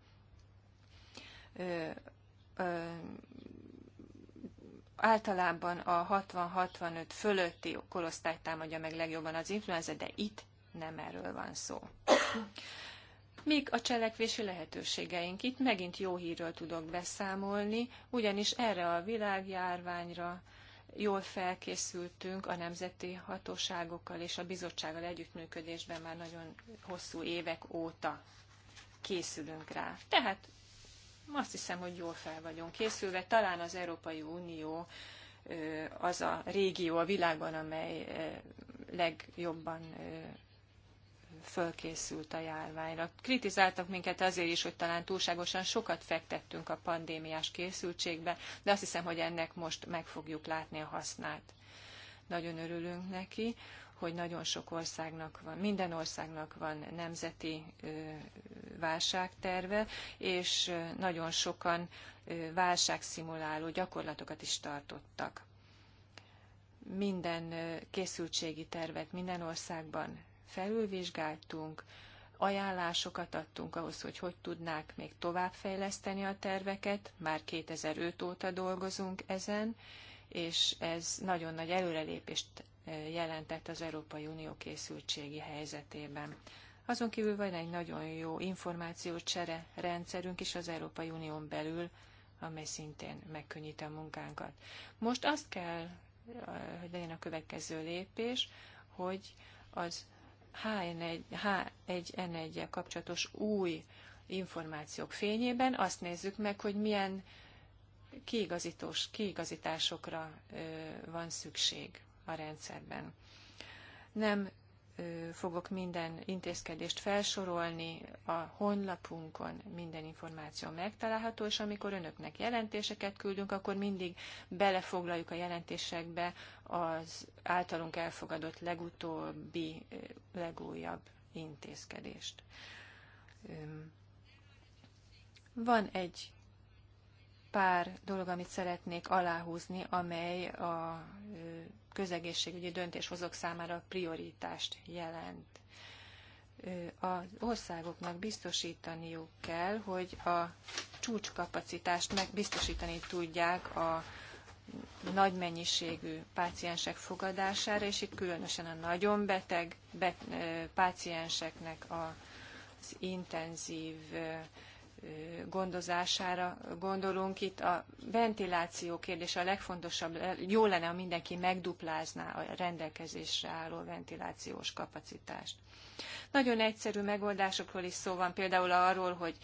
Speaker 1: általában a 60-65 fölötti korosztályt támadja meg legjobban az influenza, de itt nem erről van szó. Mik a cselekvési lehetőségeink? Itt megint jó hírről tudok beszámolni, ugyanis erre a világjárványra jól felkészültünk a nemzeti hatóságokkal és a bizottsággal együttműködésben már nagyon hosszú évek óta készülünk rá. Tehát azt hiszem, hogy jól fel vagyunk készülve. Talán az Európai Unió az a régió a világban, amely legjobban fölkészült a járványra. Kritizáltak minket azért is, hogy talán túlságosan sokat fektettünk a pandémiás készültségbe, de azt hiszem, hogy ennek most meg fogjuk látni a hasznát. Nagyon örülünk neki, hogy nagyon sok országnak van, minden országnak van nemzeti válságterve, és nagyon sokan válságszimuláló gyakorlatokat is tartottak minden készültségi tervet minden országban felülvizsgáltunk, ajánlásokat adtunk ahhoz, hogy hogy tudnák még továbbfejleszteni a terveket. Már 2005 óta dolgozunk ezen, és ez nagyon nagy előrelépést eh, jelentett az Európai Unió készültségi helyzetében. Azon kívül van egy nagyon jó információcsere rendszerünk is az Európai Unión belül, amely szintén megkönnyíti a munkánkat. Most azt kell, eh, hogy legyen a következő lépés, hogy az h 1 H1N1-jel kapcsolatos új információk fényében azt nézzük meg, hogy milyen kiigazítós, kiigazításokra van szükség a rendszerben. Nem fogok minden intézkedést felsorolni, a honlapunkon minden információ megtalálható, és amikor önöknek jelentéseket küldünk, akkor mindig belefoglaljuk a jelentésekbe az általunk elfogadott legutóbbi, legújabb intézkedést. Van egy pár dolog, amit szeretnék aláhúzni, amely a közegészségügyi döntéshozók számára prioritást jelent. Az országoknak biztosítaniuk kell, hogy a csúcskapacitást megbiztosítani tudják a nagy mennyiségű páciensek fogadására, és itt különösen a nagyon beteg be, pácienseknek az intenzív gondozására gondolunk. Itt a ventiláció kérdése a legfontosabb. Jó lenne, ha mindenki megduplázná a rendelkezésre álló ventilációs kapacitást. Nagyon egyszerű megoldásokról is szó van, például arról, hogy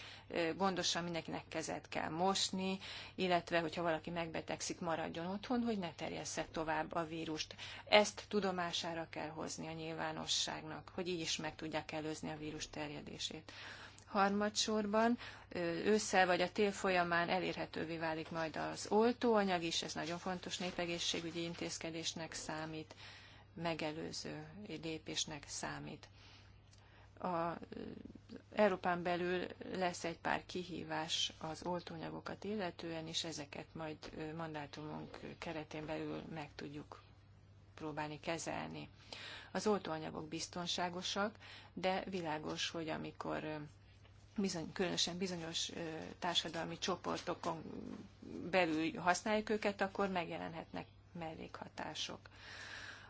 Speaker 1: gondosan mindenkinek kezet kell mosni, illetve, hogyha valaki megbetegszik, maradjon otthon, hogy ne terjessze tovább a vírust. Ezt tudomására kell hozni a nyilvánosságnak, hogy így is meg tudják előzni a vírus terjedését harmadsorban ősszel vagy a tél folyamán elérhetővé válik majd az oltóanyag is, ez nagyon fontos népegészségügyi intézkedésnek számít, megelőző lépésnek számít. A Európán belül lesz egy pár kihívás az oltóanyagokat illetően, és ezeket majd mandátumunk keretén belül meg tudjuk próbálni kezelni. Az oltóanyagok biztonságosak, de világos, hogy amikor bizony, különösen bizonyos társadalmi csoportokon belül használjuk őket, akkor megjelenhetnek mellékhatások.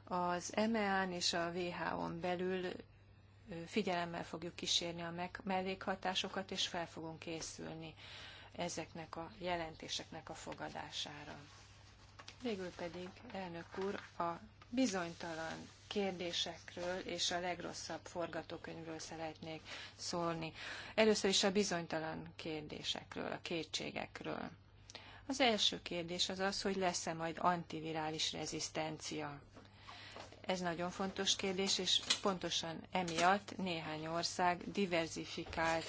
Speaker 1: Az EMEA-n és a WHO-n belül figyelemmel fogjuk kísérni a mellékhatásokat, és fel fogunk készülni ezeknek a jelentéseknek a fogadására. Végül pedig, elnök úr, a bizonytalan kérdésekről és a legrosszabb forgatókönyvről szeretnék szólni. Először is a bizonytalan kérdésekről, a kétségekről. Az első kérdés az az, hogy lesz-e majd antivirális rezisztencia. Ez nagyon fontos kérdés, és pontosan emiatt néhány ország diversifikált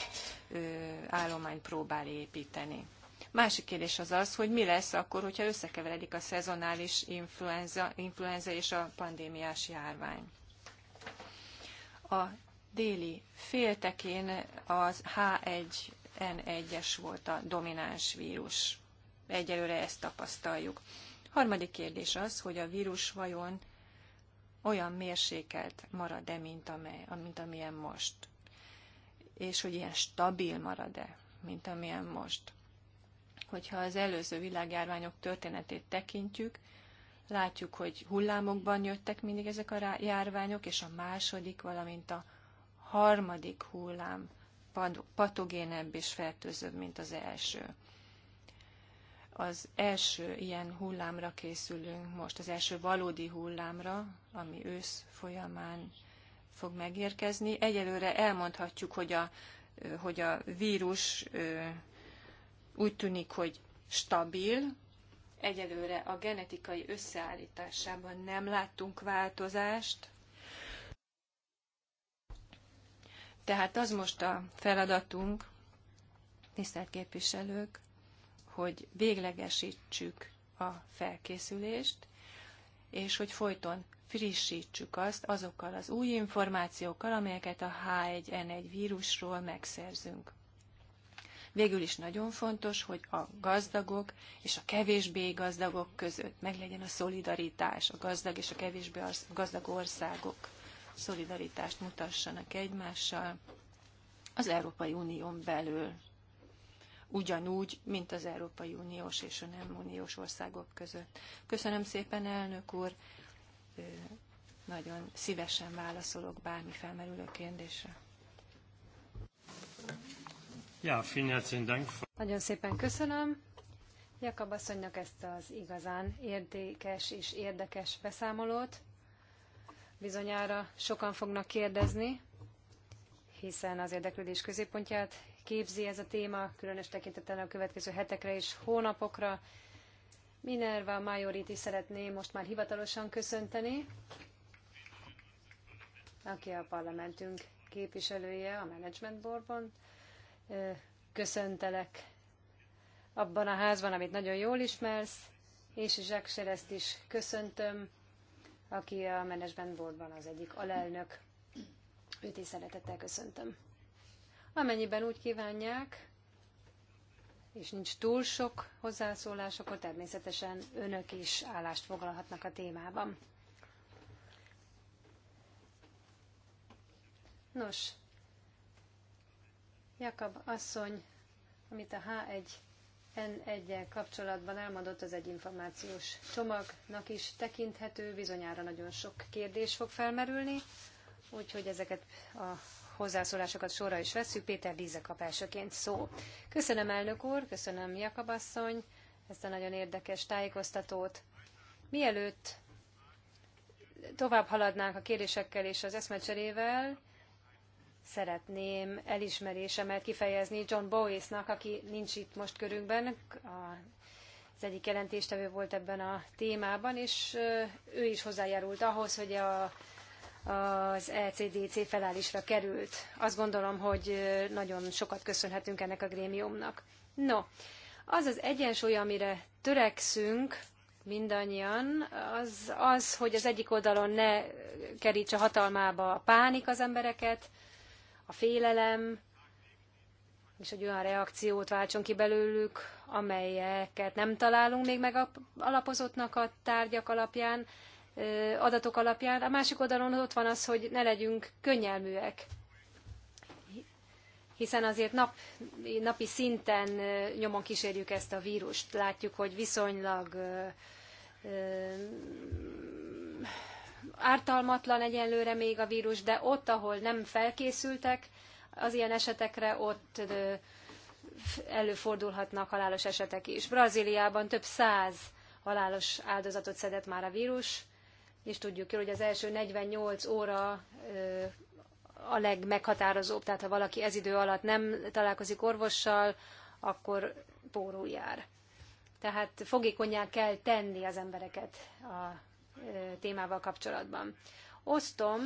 Speaker 1: ö, állományt próbál építeni. Másik kérdés az az, hogy mi lesz akkor, hogyha összekeveredik a szezonális influenza, influenza és a pandémiás járvány. A déli féltekén az H1N1-es volt a domináns vírus. Egyelőre ezt tapasztaljuk. Harmadik kérdés az, hogy a vírus vajon olyan mérsékelt marad-e, mint, amely, mint amilyen most. És hogy ilyen stabil marad-e, mint amilyen most hogyha az előző világjárványok történetét tekintjük, látjuk, hogy hullámokban jöttek mindig ezek a járványok, és a második, valamint a harmadik hullám patogénebb és fertőzőbb, mint az első. Az első ilyen hullámra készülünk most, az első valódi hullámra, ami ősz folyamán fog megérkezni. Egyelőre elmondhatjuk, hogy a, hogy a vírus úgy tűnik, hogy stabil, egyelőre a genetikai összeállításában nem láttunk változást. Tehát az most a feladatunk, tisztelt képviselők, hogy véglegesítsük a felkészülést, és hogy folyton frissítsük azt azokkal az új információkkal, amelyeket a H1N1 vírusról megszerzünk. Végül is nagyon fontos, hogy a gazdagok és a kevésbé gazdagok között meglegyen a szolidaritás, a gazdag és a kevésbé gazdag országok szolidaritást mutassanak egymással az Európai Unión belül ugyanúgy, mint az Európai Uniós és a nem uniós országok között. Köszönöm szépen, elnök úr! Nagyon szívesen válaszolok bármi felmerülő kérdésre.
Speaker 2: Ja, vielen Dank.
Speaker 1: Nagyon
Speaker 3: szépen köszönöm Jakab asszonynak ezt az igazán érdekes és érdekes beszámolót. Bizonyára sokan fognak kérdezni, hiszen az érdeklődés középpontját képzi ez a téma, különös tekintettel a következő hetekre és hónapokra. Minerva Majorit is szeretném most már hivatalosan köszönteni, aki a parlamentünk képviselője a Management Boardon köszöntelek abban a házban, amit nagyon jól ismersz, és Jacques Serezt is köszöntöm, aki a Management Boardban az egyik alelnök. Őt is szeretettel köszöntöm. Amennyiben úgy kívánják, és nincs túl sok hozzászólás, akkor természetesen önök is állást foglalhatnak a témában. Nos, Jakab asszony, amit a H1N1-el kapcsolatban elmondott, az egy információs csomagnak is tekinthető, bizonyára nagyon sok kérdés fog felmerülni, úgyhogy ezeket a hozzászólásokat sorra is veszük. Péter Líze kap elsőként szó. Köszönöm, elnök úr, köszönöm, Jakab asszony, ezt a nagyon érdekes tájékoztatót. Mielőtt tovább haladnánk a kérdésekkel és az eszmecserével, szeretném elismerésemet kifejezni John bowies nak aki nincs itt most körünkben, az egyik jelentéstevő volt ebben a témában, és ő is hozzájárult ahhoz, hogy a, az ECDC felállásra került. Azt gondolom, hogy nagyon sokat köszönhetünk ennek a grémiumnak. No, az az egyensúly, amire törekszünk mindannyian, az az, hogy az egyik oldalon ne kerítse hatalmába a pánik az embereket, a félelem, és egy olyan reakciót váltson ki belőlük, amelyeket nem találunk még meg alapozottnak a tárgyak alapján, adatok alapján. A másik oldalon ott van az, hogy ne legyünk könnyelműek, hiszen azért nap, napi szinten nyomon kísérjük ezt a vírust. Látjuk, hogy viszonylag ártalmatlan egyenlőre még a vírus, de ott, ahol nem felkészültek az ilyen esetekre, ott előfordulhatnak halálos esetek is. Brazíliában több száz halálos áldozatot szedett már a vírus, és tudjuk jól, hogy az első 48 óra a legmeghatározóbb, tehát ha valaki ez idő alatt nem találkozik orvossal, akkor pórul jár. Tehát fogékonyá kell tenni az embereket a témával kapcsolatban. Osztom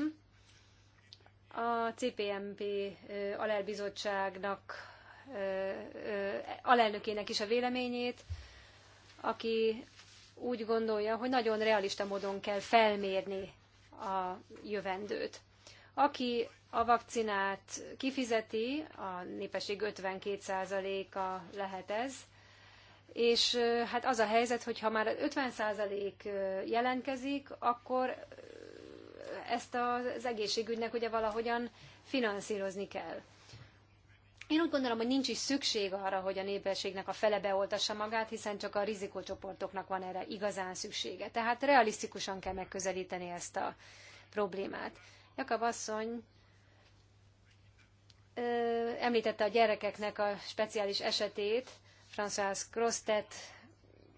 Speaker 3: a CPMP alelbizottságnak, alelnökének is a véleményét, aki úgy gondolja, hogy nagyon realista módon kell felmérni a jövendőt. Aki a vakcinát kifizeti, a népesség 52%-a lehet ez, és hát az a helyzet, hogy ha már 50% jelentkezik, akkor ezt az egészségügynek ugye valahogyan finanszírozni kell. Én úgy gondolom, hogy nincs is szükség arra, hogy a népességnek a fele beoltassa magát, hiszen csak a rizikócsoportoknak van erre igazán szüksége. Tehát realisztikusan kell megközelíteni ezt a problémát. Jakab asszony ö, említette a gyerekeknek a speciális esetét, François Crostet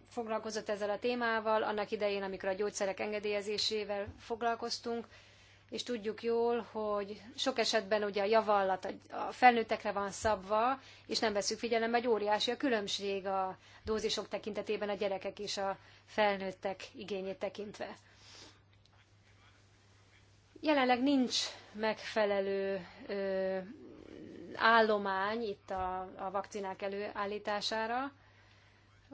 Speaker 3: foglalkozott ezzel a témával annak idején, amikor a gyógyszerek engedélyezésével foglalkoztunk, és tudjuk jól, hogy sok esetben ugye a javallat a felnőttekre van szabva, és nem veszük figyelembe, hogy óriási a különbség a dózisok tekintetében a gyerekek és a felnőttek igényét tekintve. Jelenleg nincs megfelelő állomány itt a, a vakcinák előállítására.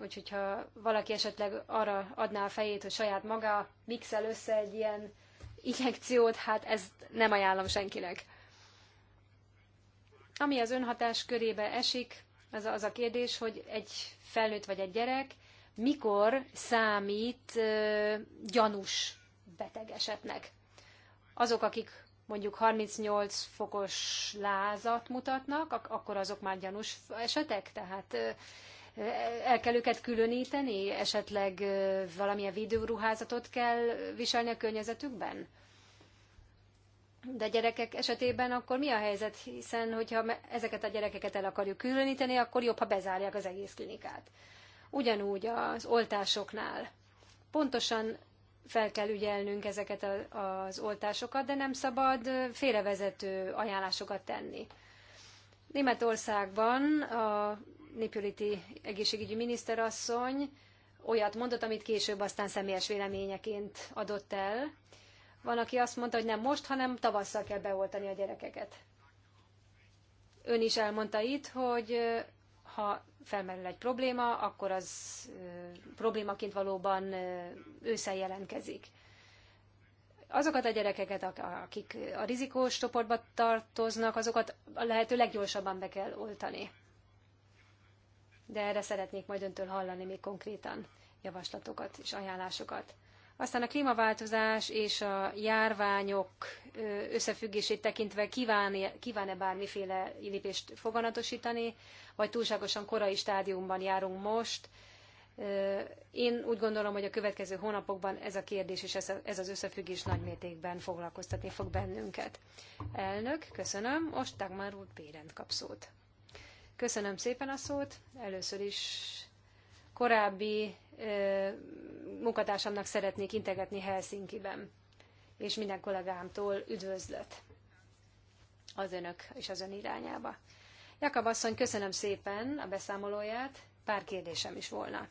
Speaker 3: Úgyhogy ha valaki esetleg arra adná a fejét, hogy saját maga mixel össze egy ilyen injekciót, hát ezt nem ajánlom senkinek. Ami az önhatás körébe esik, az a, az a kérdés, hogy egy felnőtt vagy egy gyerek mikor számít ö, gyanús beteg esetnek. Azok, akik mondjuk 38 fokos lázat mutatnak, akkor azok már gyanús esetek, tehát el kell őket különíteni, esetleg valamilyen videóruházatot kell viselni a környezetükben? De a gyerekek esetében akkor mi a helyzet? Hiszen, hogyha ezeket a gyerekeket el akarjuk különíteni, akkor jobb, ha bezárják az egész klinikát. Ugyanúgy az oltásoknál. Pontosan fel kell ügyelnünk ezeket az oltásokat, de nem szabad félrevezető ajánlásokat tenni. Németországban a népjóléti egészségügyi miniszterasszony olyat mondott, amit később aztán személyes véleményeként adott el. Van, aki azt mondta, hogy nem most, hanem tavasszal kell beoltani a gyerekeket. Ön is elmondta itt, hogy ha felmerül egy probléma, akkor az problémaként valóban ősszel jelentkezik. Azokat a gyerekeket, akik a rizikós csoportba tartoznak, azokat a lehető leggyorsabban be kell oltani. De erre szeretnék majd öntől hallani még konkrétan javaslatokat és ajánlásokat. Aztán a klímaváltozás és a járványok összefüggését tekintve kíván-e bármiféle lépést foganatosítani vagy túlságosan korai stádiumban járunk most. Én úgy gondolom, hogy a következő hónapokban ez a kérdés és ez az összefüggés nagymértékben foglalkoztatni fog bennünket. Elnök, köszönöm. Most Dagmar úr Bérend kap szót. Köszönöm szépen a szót. Először is korábbi munkatársamnak szeretnék integetni Helsinki-ben, és minden kollégámtól üdvözlet az önök és az ön irányába. Jakab asszony, köszönöm szépen a beszámolóját, pár kérdésem is volna.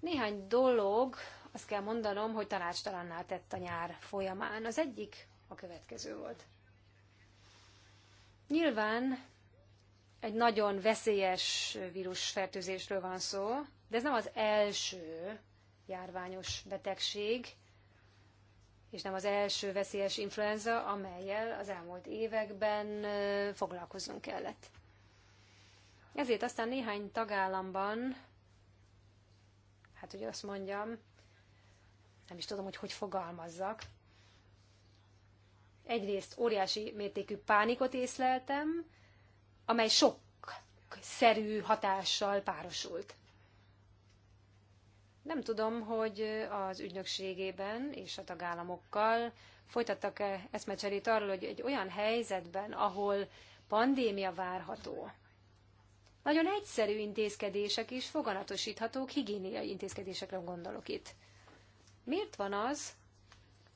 Speaker 3: Néhány dolog, azt kell mondanom, hogy tanácstalanná tett a nyár folyamán. Az egyik a következő volt. Nyilván egy nagyon veszélyes vírusfertőzésről van szó, de ez nem az első járványos betegség, és nem az első veszélyes influenza, amelyel az elmúlt években foglalkozunk kellett. Ezért aztán néhány tagállamban, hát hogy azt mondjam, nem is tudom, hogy hogy fogalmazzak, egyrészt óriási mértékű pánikot észleltem, amely sok szerű hatással párosult. Nem tudom, hogy az ügynökségében és a tagállamokkal folytattak-e eszmecserét arról, hogy egy olyan helyzetben, ahol pandémia várható, nagyon egyszerű intézkedések is foganatosíthatók, higiéniai intézkedésekre gondolok itt. Miért van az,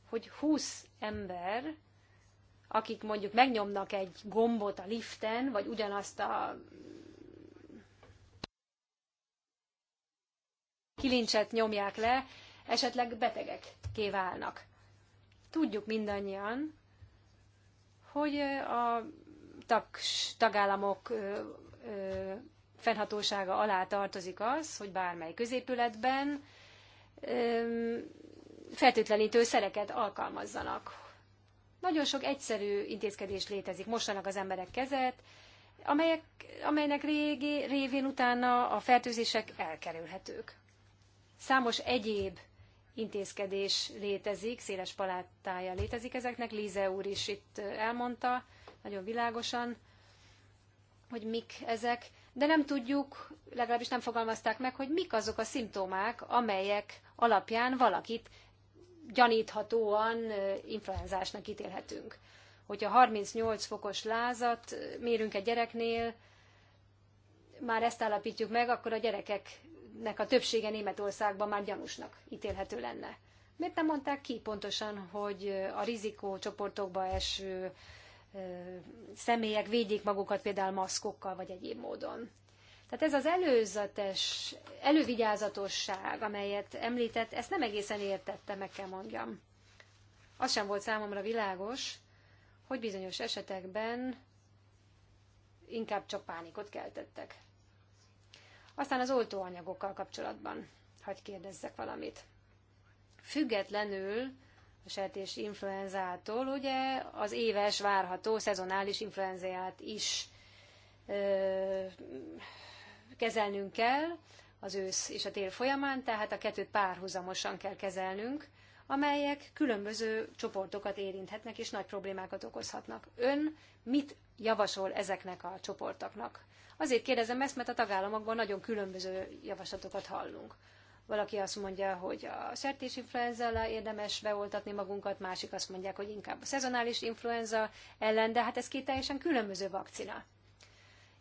Speaker 3: hogy 20 ember, akik mondjuk megnyomnak egy gombot a liften, vagy ugyanazt a kilincset nyomják le, esetleg betegek kiválnak. Tudjuk mindannyian, hogy a tags, tagállamok fennhatósága alá tartozik az, hogy bármely középületben fertőtlenítő szereket alkalmazzanak. Nagyon sok egyszerű intézkedés létezik. Mostanak az emberek kezet, amelyek, amelynek régi, révén utána a fertőzések elkerülhetők. Számos egyéb intézkedés létezik, széles paláttája létezik ezeknek. Líze úr is itt elmondta nagyon világosan, hogy mik ezek, de nem tudjuk, legalábbis nem fogalmazták meg, hogy mik azok a szimptomák, amelyek alapján valakit gyaníthatóan influenzásnak ítélhetünk. Hogyha 38 fokos lázat mérünk egy gyereknél, már ezt állapítjuk meg, akkor a gyerekek nek a többsége Németországban már gyanúsnak ítélhető lenne. Miért nem mondták ki pontosan, hogy a rizikócsoportokba eső személyek védjék magukat például maszkokkal vagy egyéb módon? Tehát ez az előzetes, elővigyázatosság, amelyet említett, ezt nem egészen értettem, meg kell mondjam. Az sem volt számomra világos, hogy bizonyos esetekben inkább csak pánikot keltettek. Aztán az oltóanyagokkal kapcsolatban hagy kérdezzek valamit. Függetlenül a sertés influenzától, ugye az éves várható szezonális influenzáját is ö, kezelnünk kell az ősz és a tél folyamán, tehát a kettőt párhuzamosan kell kezelnünk, amelyek különböző csoportokat érinthetnek és nagy problémákat okozhatnak. Ön mit javasol ezeknek a csoportoknak? Azért kérdezem ezt, mert a tagállamokban nagyon különböző javaslatokat hallunk. Valaki azt mondja, hogy a sertésinfluenza érdemes beoltatni magunkat, másik azt mondják, hogy inkább a szezonális influenza ellen, de hát ez két teljesen különböző vakcina.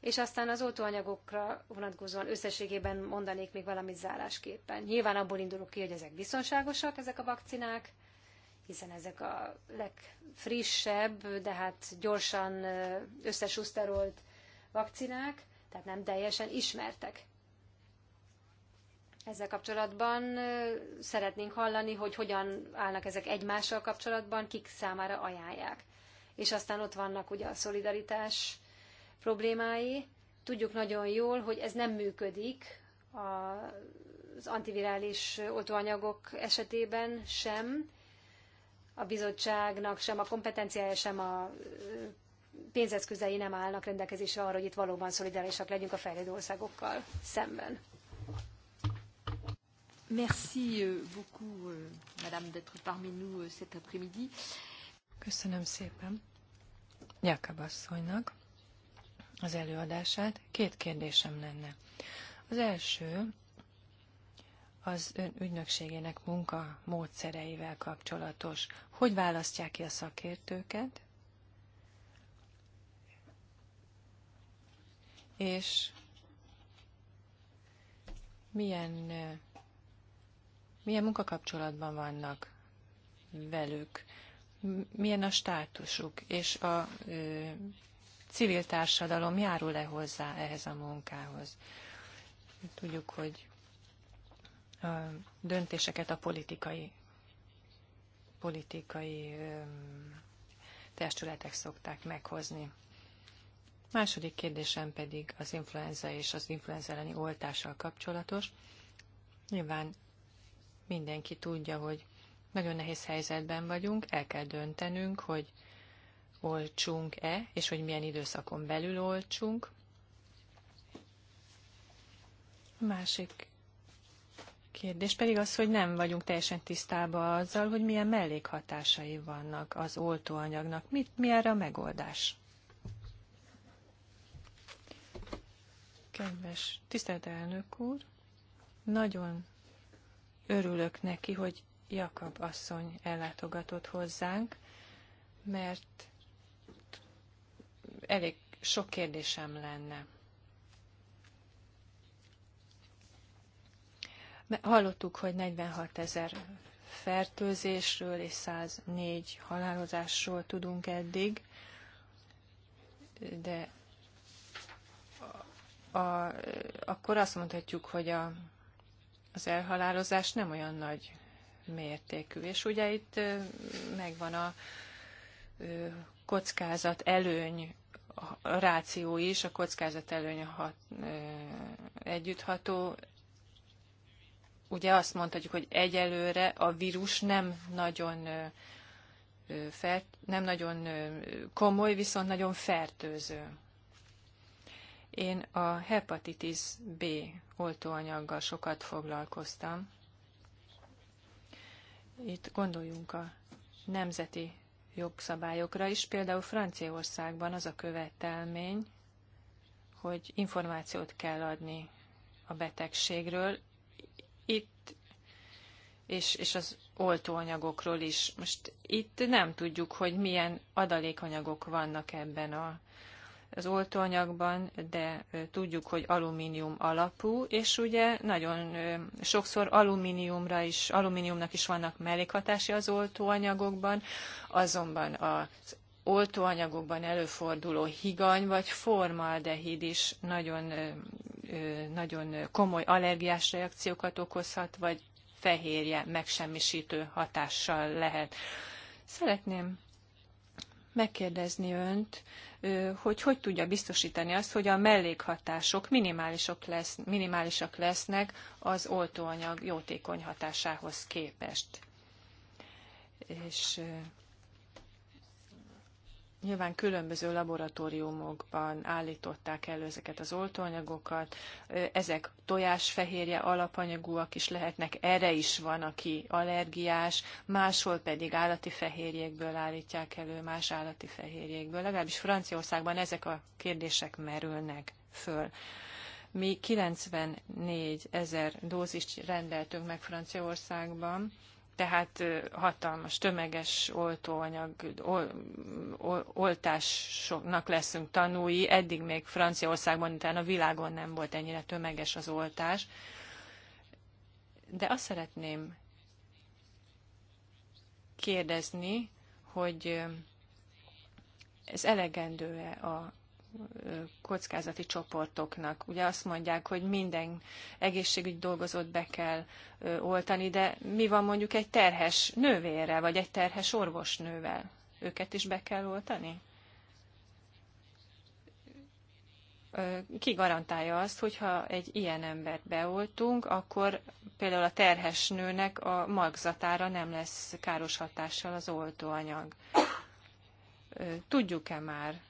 Speaker 3: És aztán az oltóanyagokra vonatkozóan összességében mondanék még valamit zárásképpen. Nyilván abból indulok ki, hogy ezek biztonságosak, ezek a vakcinák, hiszen ezek a legfrissebb, de hát gyorsan összesuszterolt vakcinák, tehát nem teljesen ismertek. Ezzel kapcsolatban szeretnénk hallani, hogy hogyan állnak ezek egymással kapcsolatban, kik számára ajánlják. És aztán ott vannak ugye a szolidaritás problémái. Tudjuk nagyon jól, hogy ez nem működik az antivirális oltóanyagok esetében sem. A bizottságnak sem a kompetenciája, sem a pénzeszközei nem állnak rendelkezésre arra, hogy itt valóban szolidárisak legyünk a fejlődő országokkal szemben.
Speaker 1: Merci euh, beaucoup, euh, madame, d'être parmi nous euh, cet après-midi. Köszönöm szépen Jakab asszonynak az előadását. Két kérdésem lenne. Az első az ön ügynökségének munka módszereivel kapcsolatos. Hogy választják ki a szakértőket, és milyen, milyen munkakapcsolatban vannak velük, milyen a státusuk, és a ö, civil társadalom járul-e hozzá ehhez a munkához. Tudjuk, hogy a döntéseket a politikai, politikai ö, testületek szokták meghozni. Második kérdésem pedig az influenza és az influenza elleni oltással kapcsolatos. Nyilván mindenki tudja, hogy nagyon nehéz helyzetben vagyunk, el kell döntenünk, hogy oltsunk-e, és hogy milyen időszakon belül oltsunk. A másik kérdés pedig az, hogy nem vagyunk teljesen tisztában azzal, hogy milyen mellékhatásai vannak az oltóanyagnak. Mit, mi erre a megoldás? Kedves, tisztelt elnök úr, nagyon örülök neki, hogy Jakab asszony ellátogatott hozzánk, mert elég sok kérdésem lenne. Hallottuk, hogy 46 ezer fertőzésről és 104 halálozásról tudunk eddig, de a, akkor azt mondhatjuk, hogy a, az elhalálozás nem olyan nagy mértékű. És ugye itt megvan a kockázat előny a ráció is, a kockázat előny hat, együttható. Ugye azt mondhatjuk, hogy egyelőre a vírus nem nagyon nem nagyon komoly, viszont nagyon fertőző. Én a hepatitis B oltóanyaggal sokat foglalkoztam. Itt gondoljunk a nemzeti jogszabályokra is. Például Franciaországban az a követelmény, hogy információt kell adni a betegségről. Itt és, és az oltóanyagokról is. Most itt nem tudjuk, hogy milyen adalékanyagok vannak ebben a az oltóanyagban, de tudjuk, hogy alumínium alapú, és ugye nagyon sokszor alumíniumra is, alumíniumnak is vannak mellékhatási az oltóanyagokban, azonban az oltóanyagokban előforduló higany vagy formaldehid is nagyon, nagyon komoly allergiás reakciókat okozhat, vagy fehérje megsemmisítő hatással lehet. Szeretném megkérdezni önt, hogy hogy tudja biztosítani azt, hogy a mellékhatások minimálisok lesz, minimálisak lesznek az oltóanyag jótékony hatásához képest. És Nyilván különböző laboratóriumokban állították elő ezeket az oltóanyagokat. Ezek tojásfehérje alapanyagúak is lehetnek, erre is van, aki allergiás, máshol pedig állati fehérjékből állítják elő, más állati fehérjékből. Legalábbis Franciaországban ezek a kérdések merülnek föl. Mi 94 ezer dózist rendeltünk meg Franciaországban, tehát hatalmas tömeges oltóanyag ol, oltásoknak leszünk tanúi. Eddig még Franciaországban, utána a világon nem volt ennyire tömeges az oltás. De azt szeretném kérdezni, hogy ez elegendő-e a kockázati csoportoknak. Ugye azt mondják, hogy minden egészségügy dolgozót be kell oltani, de mi van mondjuk egy terhes nővérrel, vagy egy terhes orvosnővel? Őket is be kell oltani? ki garantálja azt, hogyha egy ilyen embert beoltunk, akkor például a terhes nőnek a magzatára nem lesz káros hatással az oltóanyag. Tudjuk-e már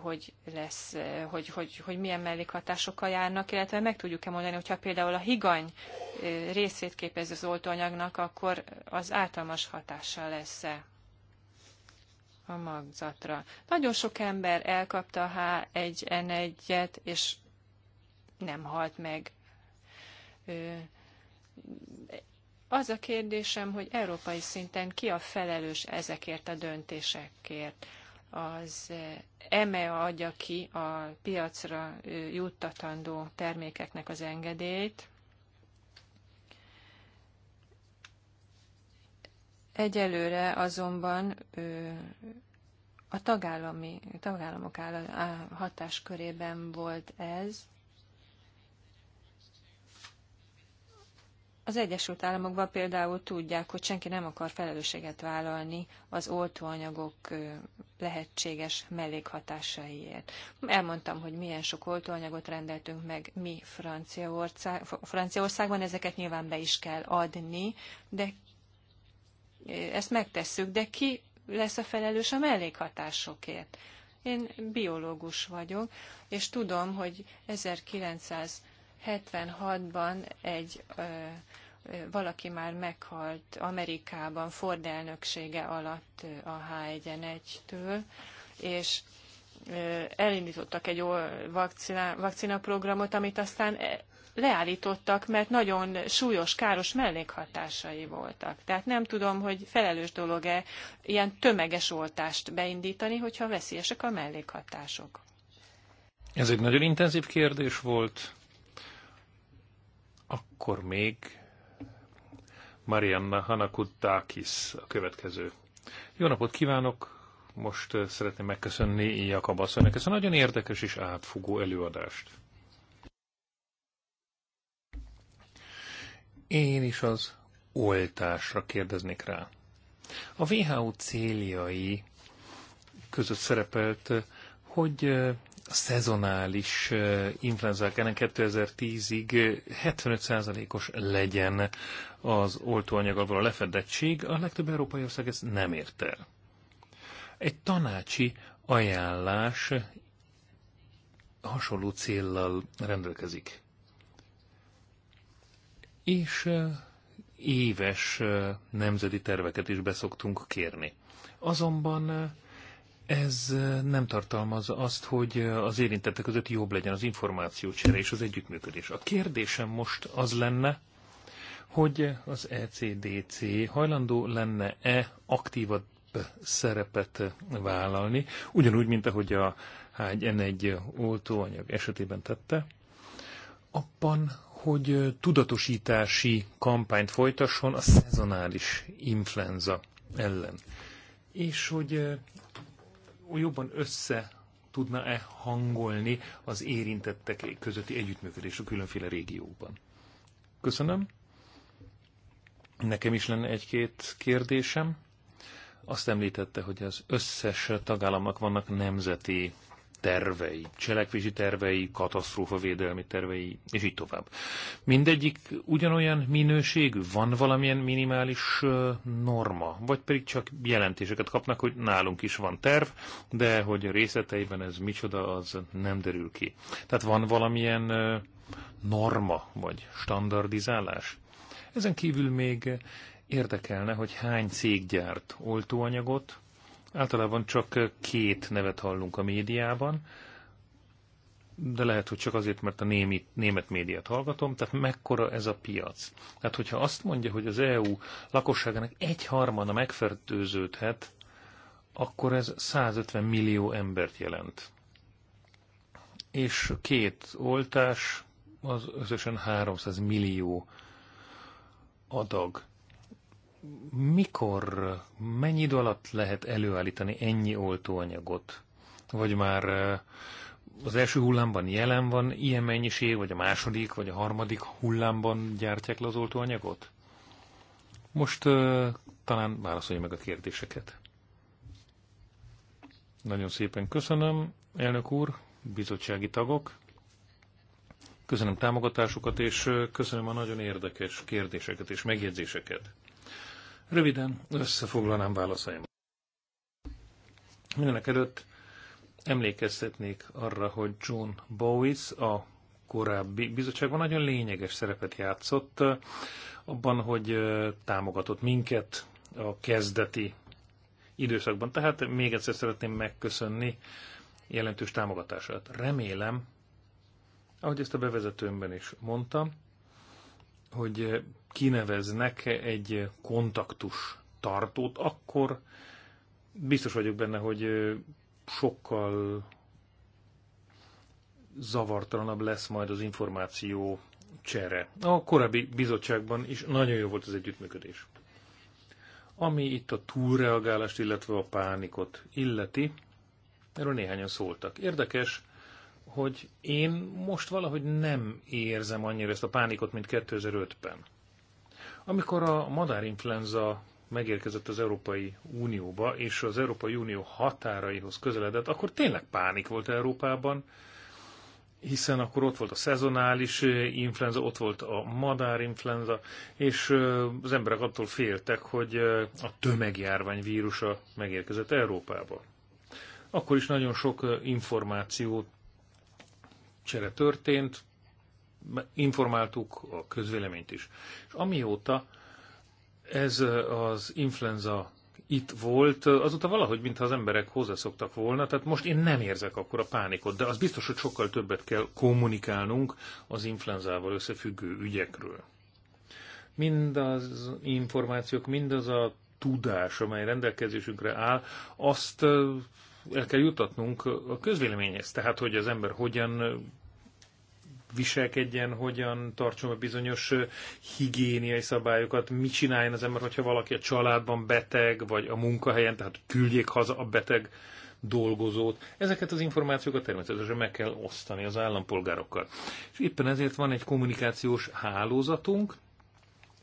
Speaker 1: hogy lesz, hogy, hogy, hogy milyen mellékhatásokkal járnak, illetve meg tudjuk-e mondani, hogyha például a higany részét képez az oltóanyagnak, akkor az általmas hatással lesz-e a magzatra. Nagyon sok ember elkapta a H1N1-et, és nem halt meg. Az a kérdésem, hogy európai szinten ki a felelős ezekért a döntésekért? az EMEA adja ki a piacra juttatandó termékeknek az engedélyt. Egyelőre azonban a tagállami, tagállamok hatáskörében volt ez, Az Egyesült Államokban például tudják, hogy senki nem akar felelősséget vállalni az oltóanyagok lehetséges mellékhatásaiért. Elmondtam, hogy milyen sok oltóanyagot rendeltünk meg mi Franciaország, Franciaországban, ezeket nyilván be is kell adni, de ezt megtesszük, de ki lesz a felelős a mellékhatásokért? Én biológus vagyok, és tudom, hogy 1900 76-ban egy valaki már meghalt Amerikában Ford elnöksége alatt a H1N1-től, és elindítottak egy vakcina, vakcinaprogramot, amit aztán e, leállítottak, mert nagyon súlyos, káros mellékhatásai voltak. Tehát nem tudom, hogy felelős dolog-e ilyen tömeges oltást beindítani, hogyha veszélyesek a mellékhatások.
Speaker 2: Ez egy nagyon intenzív kérdés volt. Akkor még Marianna Hanakutakis a következő. Jó napot kívánok! Most szeretném megköszönni Jakab asszonynak ezt a nagyon érdekes és átfogó előadást. Én is az oltásra kérdeznék rá. A WHO céljai között szerepelt, hogy a szezonális influenzák ennek 2010-ig 75%-os legyen az oltóanyaggal való lefedettség, a legtöbb európai ország ezt nem ért el. Egy tanácsi ajánlás hasonló céllal rendelkezik. És éves nemzeti terveket is beszoktunk kérni. Azonban ez nem tartalmaz azt, hogy az érintettek között jobb legyen az információcsere és az együttműködés. A kérdésem most az lenne, hogy az ECDC hajlandó lenne-e aktívabb szerepet vállalni, ugyanúgy, mint ahogy a H1N1 oltóanyag esetében tette, abban, hogy tudatosítási kampányt folytasson a szezonális influenza ellen. És hogy jobban össze tudna-e hangolni az érintettek közötti együttműködés a különféle régiókban. Köszönöm. Nekem is lenne egy-két kérdésem. Azt említette, hogy az összes tagállamnak vannak nemzeti tervei, cselekvési tervei, katasztrófavédelmi tervei, és így tovább. Mindegyik ugyanolyan minőségű? Van valamilyen minimális norma? Vagy pedig csak jelentéseket kapnak, hogy nálunk is van terv, de hogy a részleteiben ez micsoda, az nem derül ki. Tehát van valamilyen norma, vagy standardizálás? Ezen kívül még érdekelne, hogy hány cég gyárt oltóanyagot, Általában csak két nevet hallunk a médiában, de lehet, hogy csak azért, mert a némi, német médiát hallgatom, tehát mekkora ez a piac. Tehát, hogyha azt mondja, hogy az EU lakosságának egy harmada megfertőződhet, akkor ez 150 millió embert jelent. És két oltás az összesen 300 millió adag mikor, mennyi idő alatt lehet előállítani ennyi oltóanyagot? Vagy már az első hullámban jelen van ilyen mennyiség, vagy a második, vagy a harmadik hullámban gyártják le az oltóanyagot? Most talán válaszolja meg a kérdéseket. Nagyon szépen köszönöm, elnök úr, bizottsági tagok. Köszönöm támogatásukat, és köszönöm a nagyon érdekes kérdéseket és megjegyzéseket. Röviden összefoglalnám válaszaimat. Mindenek előtt emlékeztetnék arra, hogy John Bowis a korábbi bizottságban nagyon lényeges szerepet játszott abban, hogy támogatott minket a kezdeti időszakban. Tehát még egyszer szeretném megköszönni jelentős támogatását. Remélem, ahogy ezt a bevezetőmben is mondtam, hogy kineveznek egy kontaktus tartót, akkor biztos vagyok benne, hogy sokkal zavartalanabb lesz majd az információ csere. A korábbi bizottságban is nagyon jó volt az együttműködés. Ami itt a túlreagálást, illetve a pánikot illeti, erről néhányan szóltak. Érdekes, hogy én most valahogy nem érzem annyira ezt a pánikot, mint 2005-ben. Amikor a madárinfluenza megérkezett az Európai Unióba, és az Európai Unió határaihoz közeledett, akkor tényleg pánik volt Európában, hiszen akkor ott volt a szezonális influenza, ott volt a madárinfluenza, és az emberek attól féltek, hogy a tömegjárvány vírusa megérkezett Európába. Akkor is nagyon sok információ csere történt, informáltuk a közvéleményt is. És amióta ez az influenza itt volt, azóta valahogy, mintha az emberek hozzászoktak volna, tehát most én nem érzek akkor a pánikot, de az biztos, hogy sokkal többet kell kommunikálnunk az influenzával összefüggő ügyekről. Mind az információk, mind az a tudás, amely rendelkezésünkre áll, azt el kell jutatnunk a közvéleményhez. Tehát, hogy az ember hogyan viselkedjen, hogyan tartson a bizonyos higiéniai szabályokat, mit csináljon az ember, hogyha valaki a családban beteg, vagy a munkahelyen, tehát küldjék haza a beteg dolgozót. Ezeket az információkat természetesen meg kell osztani az állampolgárokkal. És éppen ezért van egy kommunikációs hálózatunk,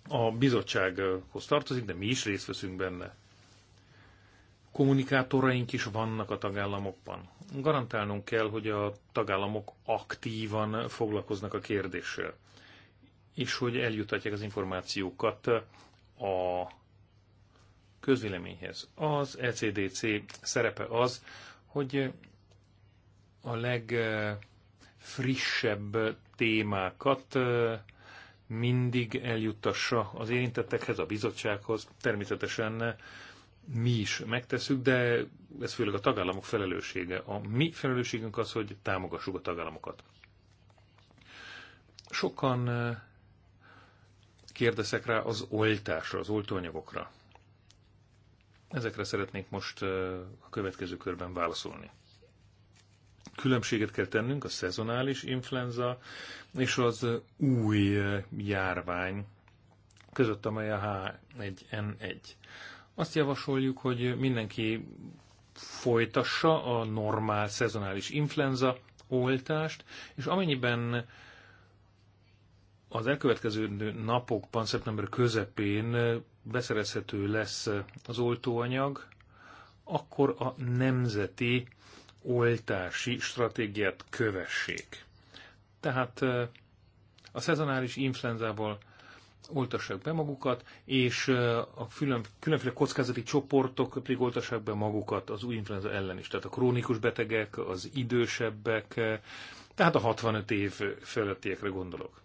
Speaker 2: a bizottsághoz tartozik, de mi is részt veszünk benne kommunikátoraink is vannak a tagállamokban. Garantálnunk kell, hogy a tagállamok aktívan foglalkoznak a kérdéssel, és hogy eljutatják az információkat a közvéleményhez. Az ECDC szerepe az, hogy a legfrissebb témákat mindig eljuttassa az érintettekhez, a bizottsághoz, természetesen mi is megteszünk, de ez főleg a tagállamok felelőssége. A mi felelősségünk az, hogy támogassuk a tagállamokat. Sokan eh, kérdezek rá az oltásra, az oltóanyagokra. Ezekre szeretnék most eh, a következő körben válaszolni. Különbséget kell tennünk a szezonális influenza és az új eh, járvány között, amely a H1N1. Azt javasoljuk, hogy mindenki folytassa a normál szezonális influenza oltást, és amennyiben az elkövetkező napokban, szeptember közepén beszerezhető lesz az oltóanyag, akkor a nemzeti oltási stratégiát kövessék. Tehát a szezonális influenzával oltassák be magukat, és a különféle kockázati csoportok pedig oltassák be magukat az új influenza ellen is. Tehát a krónikus betegek, az idősebbek, tehát a 65 év felettiekre gondolok.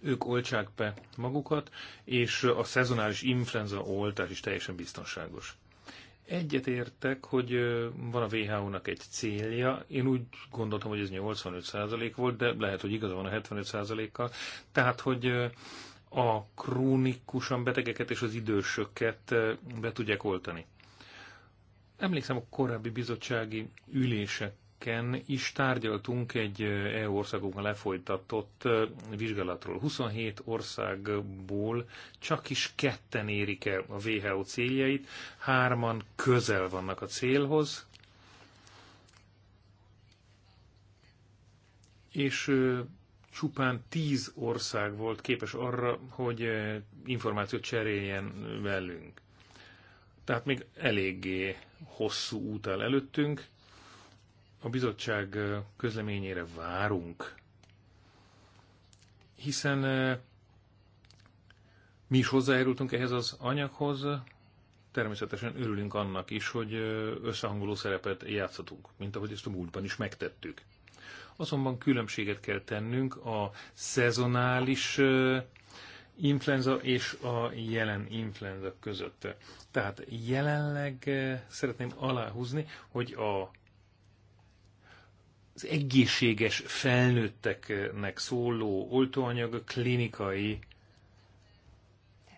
Speaker 2: Ők oltsák be magukat, és a szezonális influenza oltás is teljesen biztonságos. Egyet értek, hogy van a WHO-nak egy célja. Én úgy gondoltam, hogy ez 85% volt, de lehet, hogy igaza van a 75%-kal. Tehát, hogy a krónikusan betegeket és az idősöket be tudják oltani. Emlékszem a korábbi bizottsági ülések pénteken is tárgyaltunk egy EU országunkban lefolytatott vizsgálatról. 27 országból csak is ketten érik el a WHO céljait, hárman közel vannak a célhoz, és csupán tíz ország volt képes arra, hogy információt cseréljen velünk. Tehát még eléggé hosszú út áll előttünk, a bizottság közleményére várunk, hiszen mi is hozzájárultunk ehhez az anyaghoz, természetesen örülünk annak is, hogy összehangoló szerepet játszhatunk, mint ahogy ezt a múltban is megtettük. Azonban különbséget kell tennünk a szezonális influenza és a jelen influenza között. Tehát jelenleg szeretném aláhúzni, hogy a az egészséges felnőtteknek szóló oltóanyag klinikai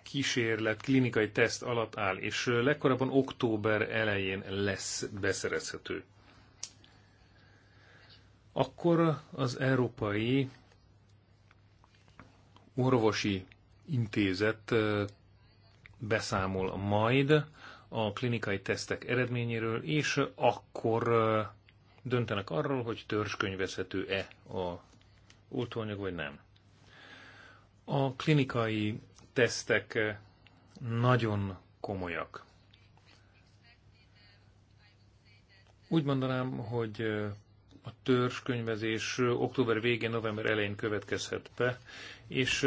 Speaker 2: kísérlet, klinikai teszt alatt áll, és legkorábban október elején lesz beszerezhető. Akkor az Európai Orvosi Intézet beszámol majd a klinikai tesztek eredményéről, és akkor döntenek arról, hogy törzskönyvezhető-e a oltóanyag, vagy nem. A klinikai tesztek eh, nagyon komolyak. Úgy mondanám, hogy eh, a törzskönyvezés eh, október végén, november elején következhet be, és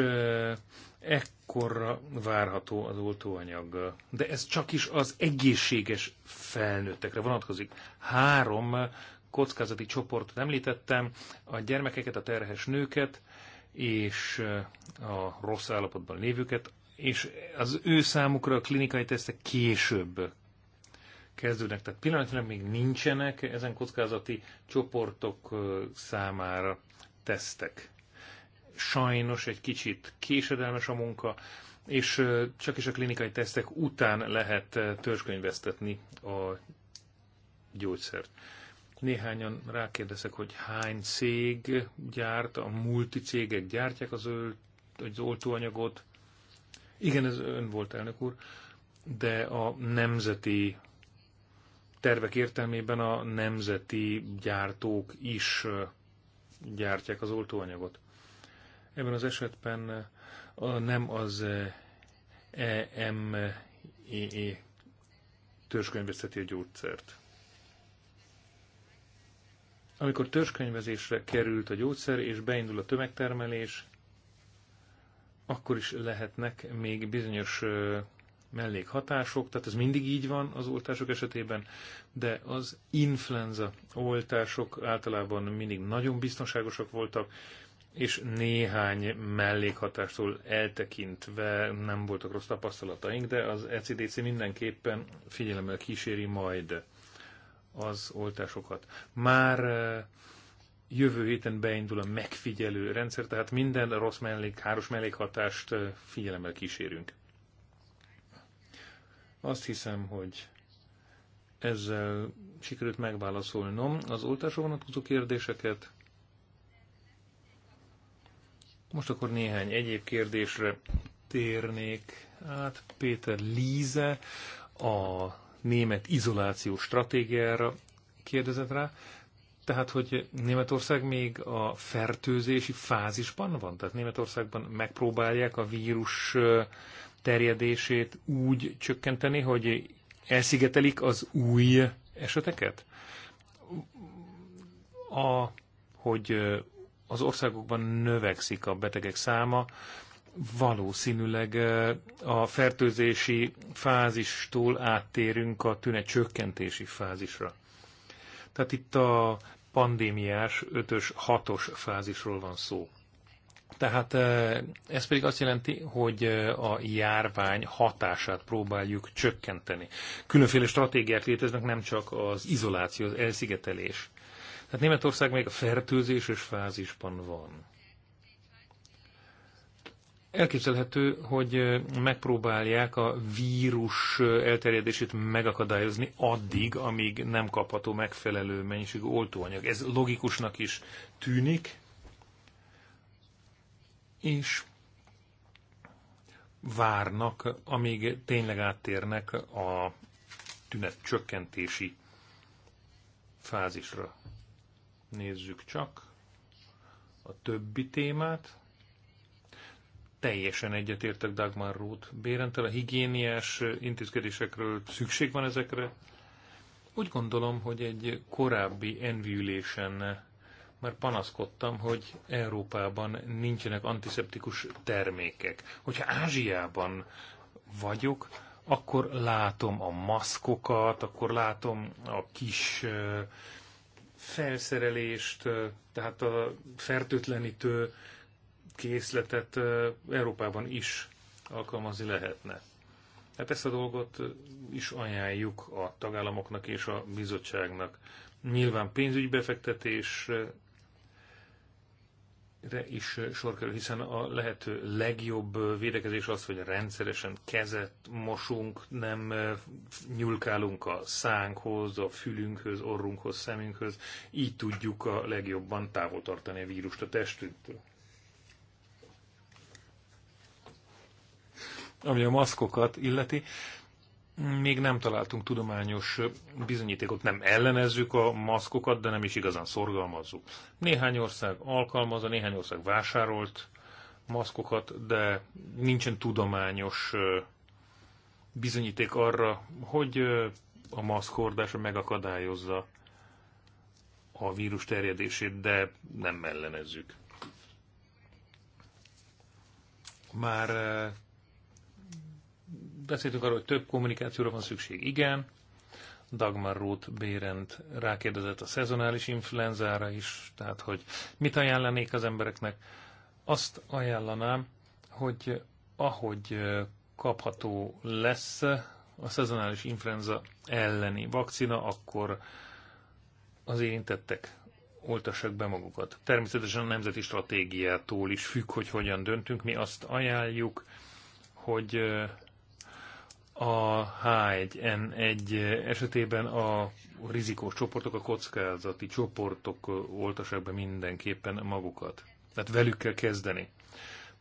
Speaker 2: ekkorra várható az oltóanyag. De ez csak is az egészséges felnőttekre vonatkozik. Három kockázati csoportot említettem, a gyermekeket, a terhes nőket és eh, a rossz állapotban lévőket, és az ő számukra a klinikai tesztek később kezdődnek. Tehát pillanatnyilag még nincsenek ezen kockázati csoportok eh, számára tesztek. Sajnos egy kicsit késedelmes a munka, és eh, csak is a klinikai tesztek után lehet törzskönyvesztetni a gyógyszert. Néhányan rákérdezek, hogy hány cég gyárt, a multicégek gyártják az, ölt, az oltóanyagot. Igen, ez ön volt, elnök úr, de a nemzeti tervek értelmében a nemzeti gyártók is gyártják az oltóanyagot. Ebben az esetben a, nem az EMEE törzskönyvészeti a gyógyszert. Amikor törzskönyvezésre került a gyógyszer, és beindul a tömegtermelés, akkor is lehetnek még bizonyos mellékhatások, tehát ez mindig így van az oltások esetében, de az influenza oltások általában mindig nagyon biztonságosak voltak, és néhány mellékhatástól eltekintve nem voltak rossz tapasztalataink, de az ECDC mindenképpen figyelemmel kíséri majd az oltásokat. Már jövő héten beindul a megfigyelő rendszer, tehát minden rossz mellék, káros mellékhatást figyelemmel kísérünk. Azt hiszem, hogy ezzel sikerült megválaszolnom az oltásra vonatkozó kérdéseket. Most akkor néhány egyéb kérdésre térnék át. Péter Líze a német izoláció stratégiára kérdezett rá, tehát, hogy Németország még a fertőzési fázisban van? Tehát Németországban megpróbálják a vírus terjedését úgy csökkenteni, hogy elszigetelik az új eseteket? A, hogy az országokban növekszik a betegek száma, valószínűleg a fertőzési fázistól áttérünk a tünet csökkentési fázisra. Tehát itt a pandémiás 5-ös, 6-os fázisról van szó. Tehát ez pedig azt jelenti, hogy a járvány hatását próbáljuk csökkenteni. Különféle stratégiák léteznek, nem csak az izoláció, az elszigetelés. Tehát Németország még a fertőzéses fázisban van. Elképzelhető, hogy megpróbálják a vírus elterjedését megakadályozni addig, amíg nem kapható megfelelő mennyiségű oltóanyag. Ez logikusnak is tűnik, és várnak, amíg tényleg áttérnek a tünet csökkentési fázisra. Nézzük csak a többi témát teljesen egyetértek Dagmar Ruth Bérentel, a higiéniás intézkedésekről szükség van ezekre. Úgy gondolom, hogy egy korábbi envülésen már panaszkodtam, hogy Európában nincsenek antiszeptikus termékek. Hogyha Ázsiában vagyok, akkor látom a maszkokat, akkor látom a kis felszerelést, tehát a fertőtlenítő készletet Európában is alkalmazni lehetne. Hát ezt a dolgot is ajánljuk a tagállamoknak és a bizottságnak. Nyilván pénzügyi befektetésre is sor kerül, hiszen a lehető legjobb védekezés az, hogy rendszeresen kezet mosunk, nem nyúlkálunk a szánkhoz, a fülünkhöz, orrunkhoz, szemünkhöz, így tudjuk a legjobban távol tartani a vírust a testünktől. ami a maszkokat illeti, még nem találtunk tudományos bizonyítékot, nem ellenezzük a maszkokat, de nem is igazán szorgalmazzuk. Néhány ország alkalmazza, néhány ország vásárolt maszkokat, de nincsen tudományos bizonyíték arra, hogy a maszkordása megakadályozza a vírus terjedését, de nem ellenezzük. Már Beszéltünk arról, hogy több kommunikációra van szükség. Igen, Dagmar Roth Bérend rákérdezett a szezonális influenzára is, tehát hogy mit ajánlanék az embereknek. Azt ajánlanám, hogy ahogy kapható lesz a szezonális influenza elleni vakcina, akkor az érintettek oltassák be magukat. Természetesen a nemzeti stratégiától is függ, hogy hogyan döntünk. Mi azt ajánljuk, hogy a H1N1 esetében a rizikós csoportok, a kockázati csoportok oltassák be mindenképpen magukat. Tehát velük kell kezdeni.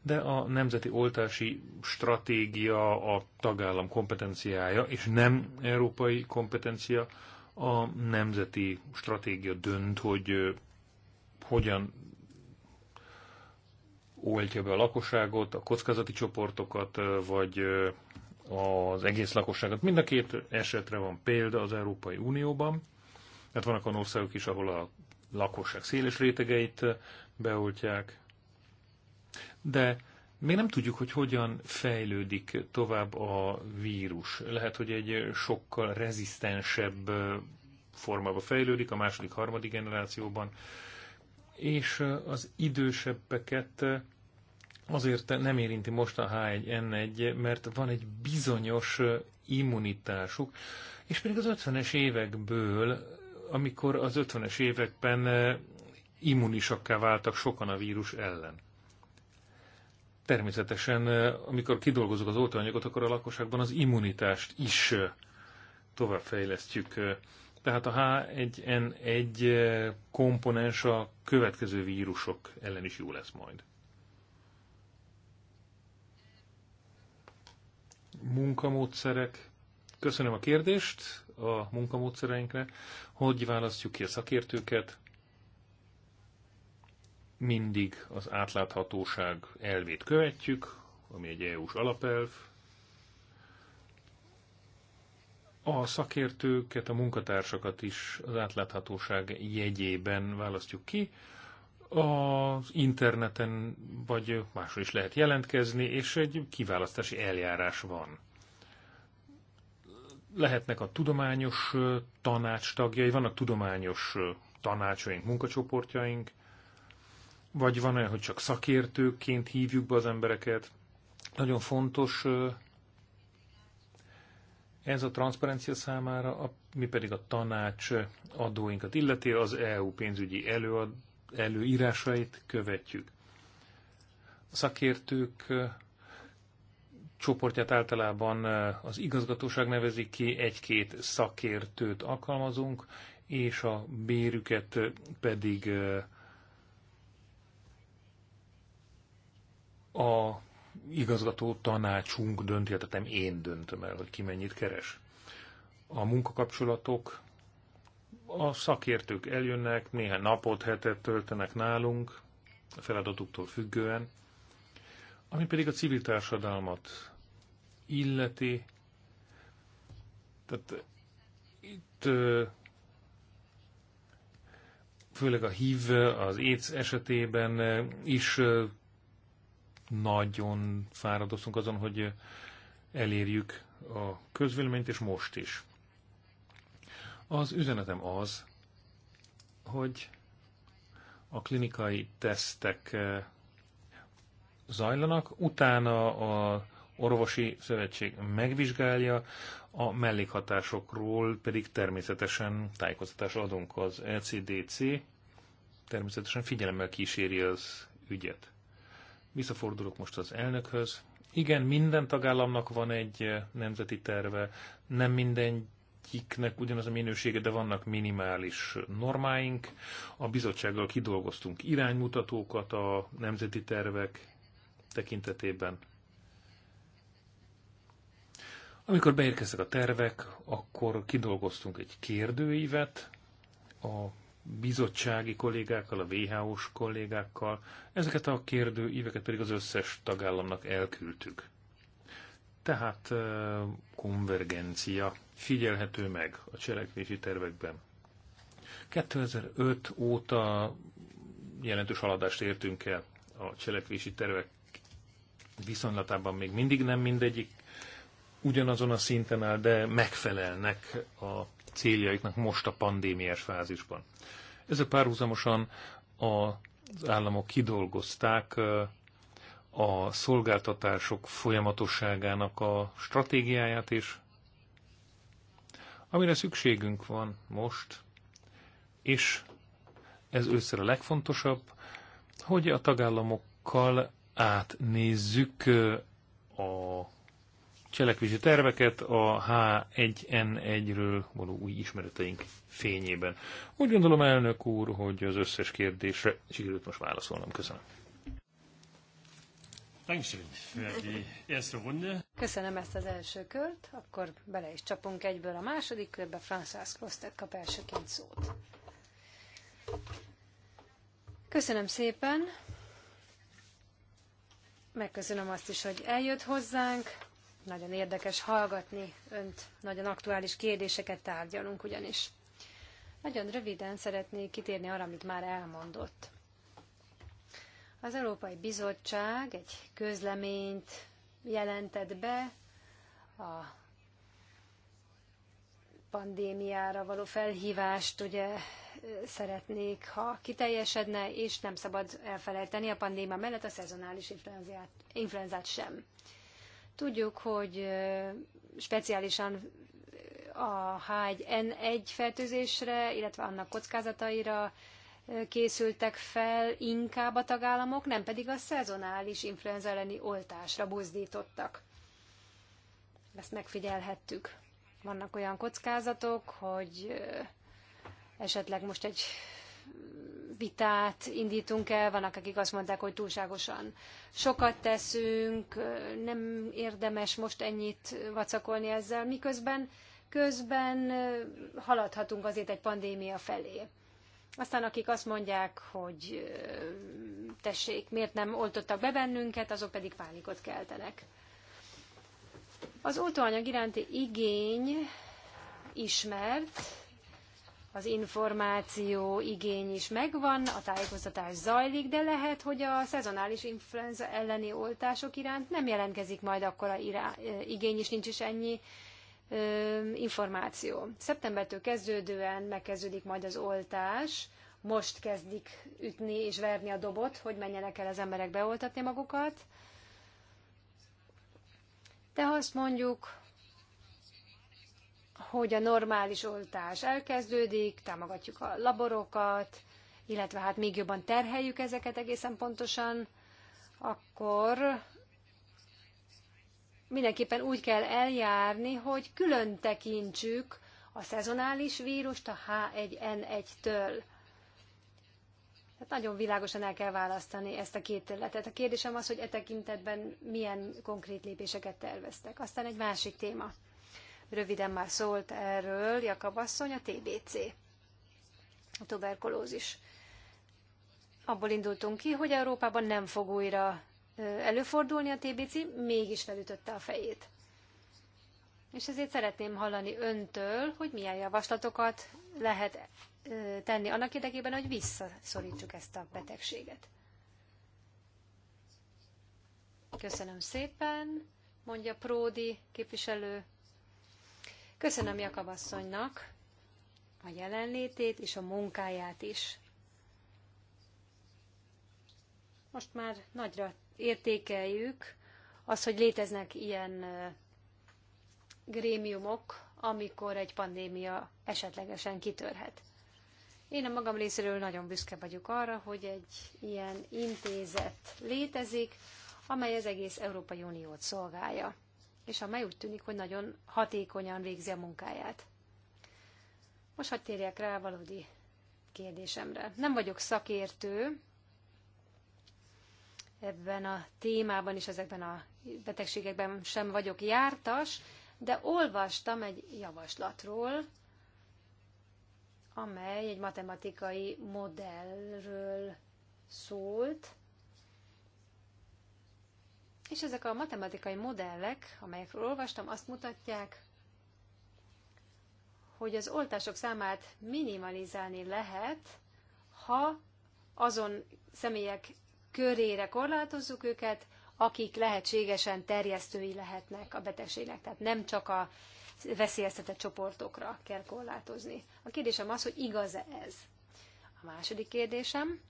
Speaker 2: De a nemzeti oltási stratégia a tagállam kompetenciája, és nem európai kompetencia, a nemzeti stratégia dönt, hogy hogyan oltja be a lakosságot, a kockázati csoportokat, vagy az egész lakosságot. Mind a két esetre van példa az Európai Unióban, tehát vannak olyan országok is, ahol a lakosság széles rétegeit eh, beoltják, de még nem tudjuk, hogy hogyan fejlődik tovább a vírus. Lehet, hogy egy sokkal rezisztensebb eh, formába fejlődik a második, harmadik generációban, és eh, az idősebbeket azért nem érinti most a H1N1, mert van egy bizonyos immunitásuk, és pedig az 50-es évekből, amikor az 50-es években immunisakká váltak sokan a vírus ellen. Természetesen, amikor kidolgozunk az oltóanyagot, akkor a lakosságban az immunitást is továbbfejlesztjük. Tehát a H1N1 komponens a következő vírusok ellen is jó lesz majd. munkamódszerek. Köszönöm a kérdést a munkamódszereinkre. Hogy választjuk ki a szakértőket? Mindig az átláthatóság elvét követjük, ami egy EU-s alapelv. A szakértőket, a munkatársakat is az átláthatóság jegyében választjuk ki az interneten vagy máshol is lehet jelentkezni, és egy kiválasztási eljárás van. Lehetnek a tudományos tanács tagjai, vannak tudományos tanácsaink, munkacsoportjaink, vagy van olyan, hogy csak szakértőként hívjuk be az embereket. Nagyon fontos ez a transzparencia számára, mi pedig a tanács adóinkat illeti, az EU pénzügyi előad, előírásait követjük. A szakértők csoportját általában az igazgatóság nevezi ki, egy-két szakértőt alkalmazunk, és a bérüket pedig a igazgató tanácsunk dönti, tehát nem én döntöm el, hogy ki mennyit keres. A munkakapcsolatok a szakértők eljönnek, néhány napot, hetet töltenek nálunk, a feladatuktól függően, ami pedig a civil társadalmat illeti. Tehát itt főleg a HIV, az AIDS esetében is nagyon fáradoztunk azon, hogy elérjük a közvéleményt, és most is. Az üzenetem az, hogy a klinikai tesztek eh, zajlanak, utána a orvosi szövetség megvizsgálja, a mellékhatásokról pedig természetesen tájékoztatás adunk az LCDC, e természetesen figyelemmel kíséri az ügyet. Visszafordulok most az elnökhöz. Igen, minden tagállamnak van egy eh, nemzeti terve, nem minden mindegyiknek ugyanaz a minősége, de vannak minimális normáink. A bizottsággal kidolgoztunk iránymutatókat a nemzeti tervek tekintetében. Amikor beérkeztek a tervek, akkor kidolgoztunk egy kérdőívet a bizottsági kollégákkal, a WHO-s kollégákkal, ezeket a kérdőíveket pedig az összes tagállamnak elküldtük. Tehát konvergencia figyelhető meg a cselekvési tervekben. 2005 óta jelentős haladást értünk el a cselekvési tervek viszonylatában még mindig nem mindegyik ugyanazon a szinten áll, de megfelelnek a céljaiknak most a pandémiás fázisban. Ezzel párhuzamosan az államok kidolgozták a szolgáltatások folyamatosságának a stratégiáját, és amire szükségünk van most, és ez ősszel a legfontosabb, hogy a tagállamokkal átnézzük a cselekvési terveket a H1N1-ről való új ismereteink fényében. Úgy gondolom, elnök úr, hogy az összes kérdésre sikerült most válaszolnom. Köszönöm.
Speaker 3: Köszönöm ezt az első kört, akkor bele is csapunk egyből a második körbe. François Klostet kap elsőként szót. Köszönöm szépen. Megköszönöm azt is, hogy eljött hozzánk. Nagyon érdekes hallgatni önt, nagyon aktuális kérdéseket tárgyalunk ugyanis. Nagyon röviden szeretnék kitérni arra, amit már elmondott. Az Európai Bizottság egy közleményt jelentett be a pandémiára való felhívást ugye szeretnék, ha kiteljesedne, és nem szabad elfelejteni a pandémia mellett a szezonális influenzát, influenzát sem. Tudjuk, hogy speciálisan a H1N1 fertőzésre, illetve annak kockázataira készültek fel inkább a tagállamok, nem pedig a szezonális influenza elleni oltásra buzdítottak. Ezt megfigyelhettük. Vannak olyan kockázatok, hogy esetleg most egy vitát indítunk el, vannak, akik azt mondták, hogy túlságosan sokat teszünk, nem érdemes most ennyit vacakolni ezzel, miközben közben haladhatunk azért egy pandémia felé. Aztán akik azt mondják, hogy tessék, miért nem oltottak be bennünket, azok pedig pánikot keltenek. Az oltóanyag iránti igény ismert, az információ igény is megvan, a tájékoztatás zajlik, de lehet, hogy a szezonális influenza elleni oltások iránt nem jelentkezik majd akkora irá, igény, is nincs is ennyi információ. Szeptembertől kezdődően megkezdődik majd az oltás, most kezdik ütni és verni a dobot, hogy menjenek el az emberek beoltatni magukat. De ha azt mondjuk, hogy a normális oltás elkezdődik, támogatjuk a laborokat, illetve hát még jobban terheljük ezeket egészen pontosan, akkor mindenképpen úgy kell eljárni, hogy külön tekintsük a szezonális vírust a H1N1-től. Tehát nagyon világosan el kell választani ezt a két területet. A kérdésem az, hogy e tekintetben milyen konkrét lépéseket terveztek. Aztán egy másik téma. Röviden már szólt erről Jakab asszony, a TBC, a tuberkulózis. Abból indultunk ki, hogy Európában nem fog újra előfordulni a TBC, mégis felütötte a fejét. És ezért szeretném hallani öntől, hogy milyen javaslatokat lehet tenni annak érdekében, hogy visszaszorítsuk ezt a betegséget. Köszönöm szépen, mondja Pródi képviselő. Köszönöm Jakab asszonynak a jelenlétét és a munkáját is. Most már nagyra értékeljük az, hogy léteznek ilyen grémiumok, amikor egy pandémia esetlegesen kitörhet. Én a magam részéről nagyon büszke vagyok arra, hogy egy ilyen intézet létezik, amely az egész Európai Uniót szolgálja, és amely úgy tűnik, hogy nagyon hatékonyan végzi a munkáját. Most hadd térjek rá valódi kérdésemre. Nem vagyok szakértő, ebben a témában és ezekben a betegségekben sem vagyok jártas, de olvastam egy javaslatról, amely egy matematikai modellről szólt, és ezek a matematikai modellek, amelyekről olvastam, azt mutatják, hogy az oltások számát minimalizálni lehet, ha azon személyek körére korlátozzuk őket, akik lehetségesen terjesztői lehetnek a betegségnek. Tehát nem csak a veszélyeztetett csoportokra kell korlátozni. A kérdésem az, hogy igaz-e ez? A második kérdésem.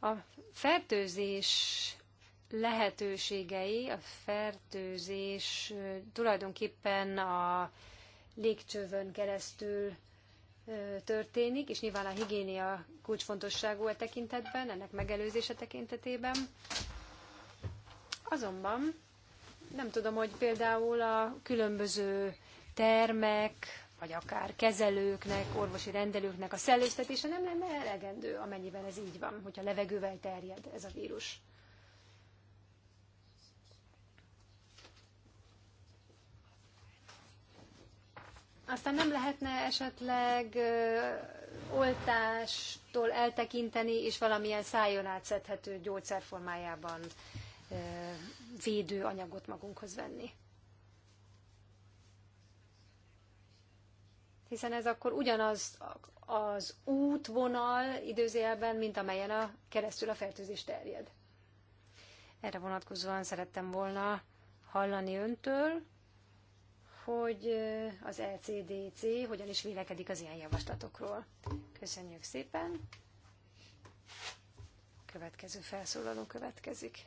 Speaker 3: A fertőzés lehetőségei, a fertőzés tulajdonképpen a légcsövön keresztül történik, és nyilván a higiénia kulcsfontosságú a e tekintetben, ennek megelőzése tekintetében. Azonban nem tudom, hogy például a különböző termek, vagy akár kezelőknek, orvosi rendelőknek a szellőztetése nem lenne elegendő, amennyiben ez így van, hogyha levegővel terjed ez a vírus. Aztán nem lehetne esetleg oltástól eltekinteni, és valamilyen szájon átszedhető gyógyszerformájában védő anyagot magunkhoz venni. Hiszen ez akkor ugyanaz az útvonal időzében, mint amelyen a keresztül a fertőzés terjed. Erre vonatkozóan szerettem volna hallani öntől, hogy eh, az LCDC hogyan is vélekedik az ilyen javaslatokról. Köszönjük szépen. Következő felszólaló következik.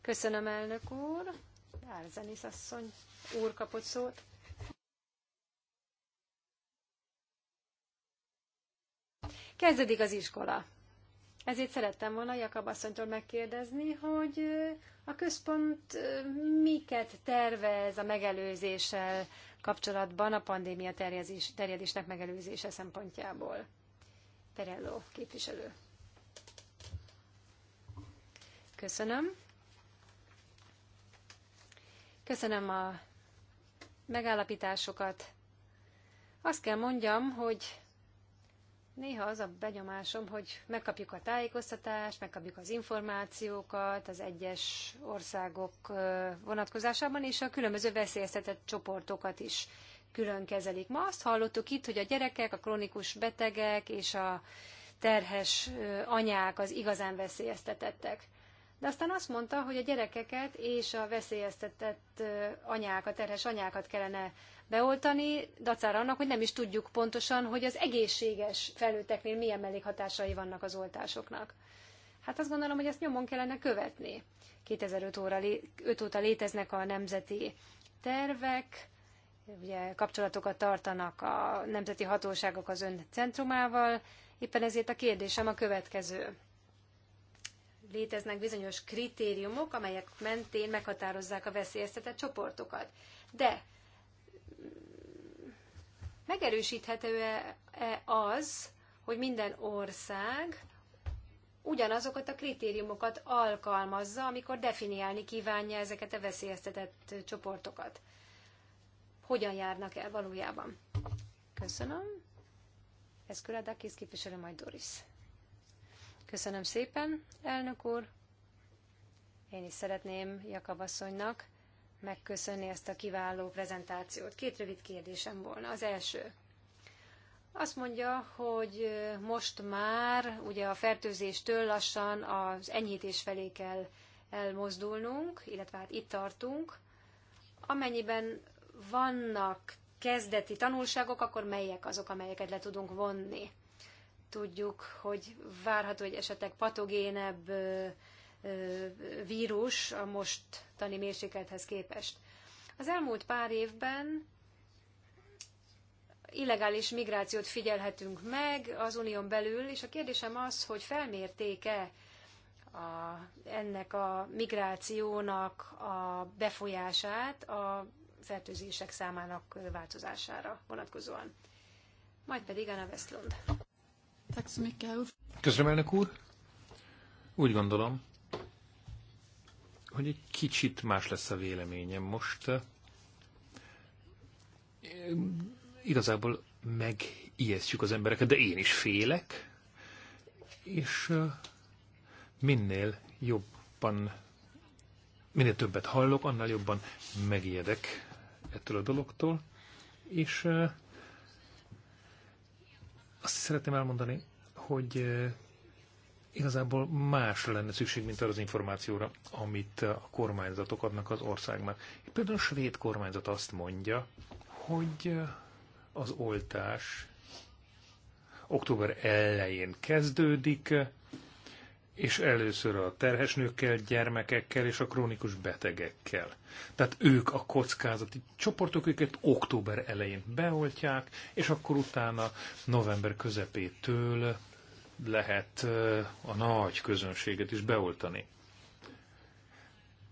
Speaker 3: Köszönöm, elnök úr. Árzenis asszony úr kapott szót. Kezdődik az iskola. Ezért szerettem volna Jakab asszonytól megkérdezni, hogy a központ miket tervez a megelőzéssel kapcsolatban a pandémia terjedés, terjedésnek megelőzése szempontjából. Perello képviselő. Köszönöm. Köszönöm a megállapításokat. Azt kell mondjam, hogy Néha az a benyomásom, hogy megkapjuk a tájékoztatást, megkapjuk az információkat az egyes országok vonatkozásában, és a különböző veszélyeztetett csoportokat is külön kezelik. Ma azt hallottuk itt, hogy a gyerekek, a kronikus betegek és a terhes anyák az igazán veszélyeztetettek. De aztán azt mondta, hogy a gyerekeket és a veszélyeztetett anyákat, terhes anyákat kellene beoltani, dacára annak, hogy nem is tudjuk pontosan, hogy az egészséges felnőtteknél milyen mellékhatásai vannak az oltásoknak. Hát azt gondolom, hogy ezt nyomon kellene követni. 2005 óra, 5 óta léteznek a nemzeti tervek, ugye kapcsolatokat tartanak a nemzeti hatóságok az ön centrumával, éppen ezért a kérdésem a következő. Léteznek bizonyos kritériumok, amelyek mentén meghatározzák a veszélyeztetett csoportokat. De Megerősíthető-e e az, hogy minden ország ugyanazokat a kritériumokat alkalmazza, amikor definiálni kívánja ezeket a veszélyeztetett csoportokat? Hogyan járnak el valójában? Köszönöm. Ez Kuradakis képviselő, majd Doris. Köszönöm szépen, elnök úr. Én is szeretném Jakab asszonynak megköszönni ezt a kiváló prezentációt. Két rövid kérdésem volna. Az első. Azt mondja, hogy most már ugye a fertőzéstől lassan az enyhítés felé kell elmozdulnunk, illetve hát itt tartunk. Amennyiben vannak kezdeti tanulságok, akkor melyek azok, amelyeket le tudunk vonni? Tudjuk, hogy várható, hogy esetleg patogénebb vírus a mostani mérsékelthez képest. Az elmúlt pár évben illegális migrációt figyelhetünk meg az unión belül, és a kérdésem az, hogy felmérték-e a, ennek a migrációnak a befolyását a fertőzések számának változására vonatkozóan. Majd pedig Anna Westlund.
Speaker 2: Köszönöm, elnök úr. Úgy gondolom, hogy egy kicsit más lesz a véleményem most. Igazából megijesztjük az embereket, de én is félek, és minél jobban, minél többet hallok, annál jobban megijedek ettől a dologtól, és azt szeretném elmondani, hogy igazából más lenne szükség, mint arra az információra, amit a kormányzatok adnak az országnak. Például a svéd kormányzat azt mondja, hogy az oltás október elején kezdődik, és először a terhesnőkkel, gyermekekkel és a krónikus betegekkel. Tehát ők a kockázati csoportok, őket október elején beoltják, és akkor utána november közepétől lehet a nagy közönséget is beoltani.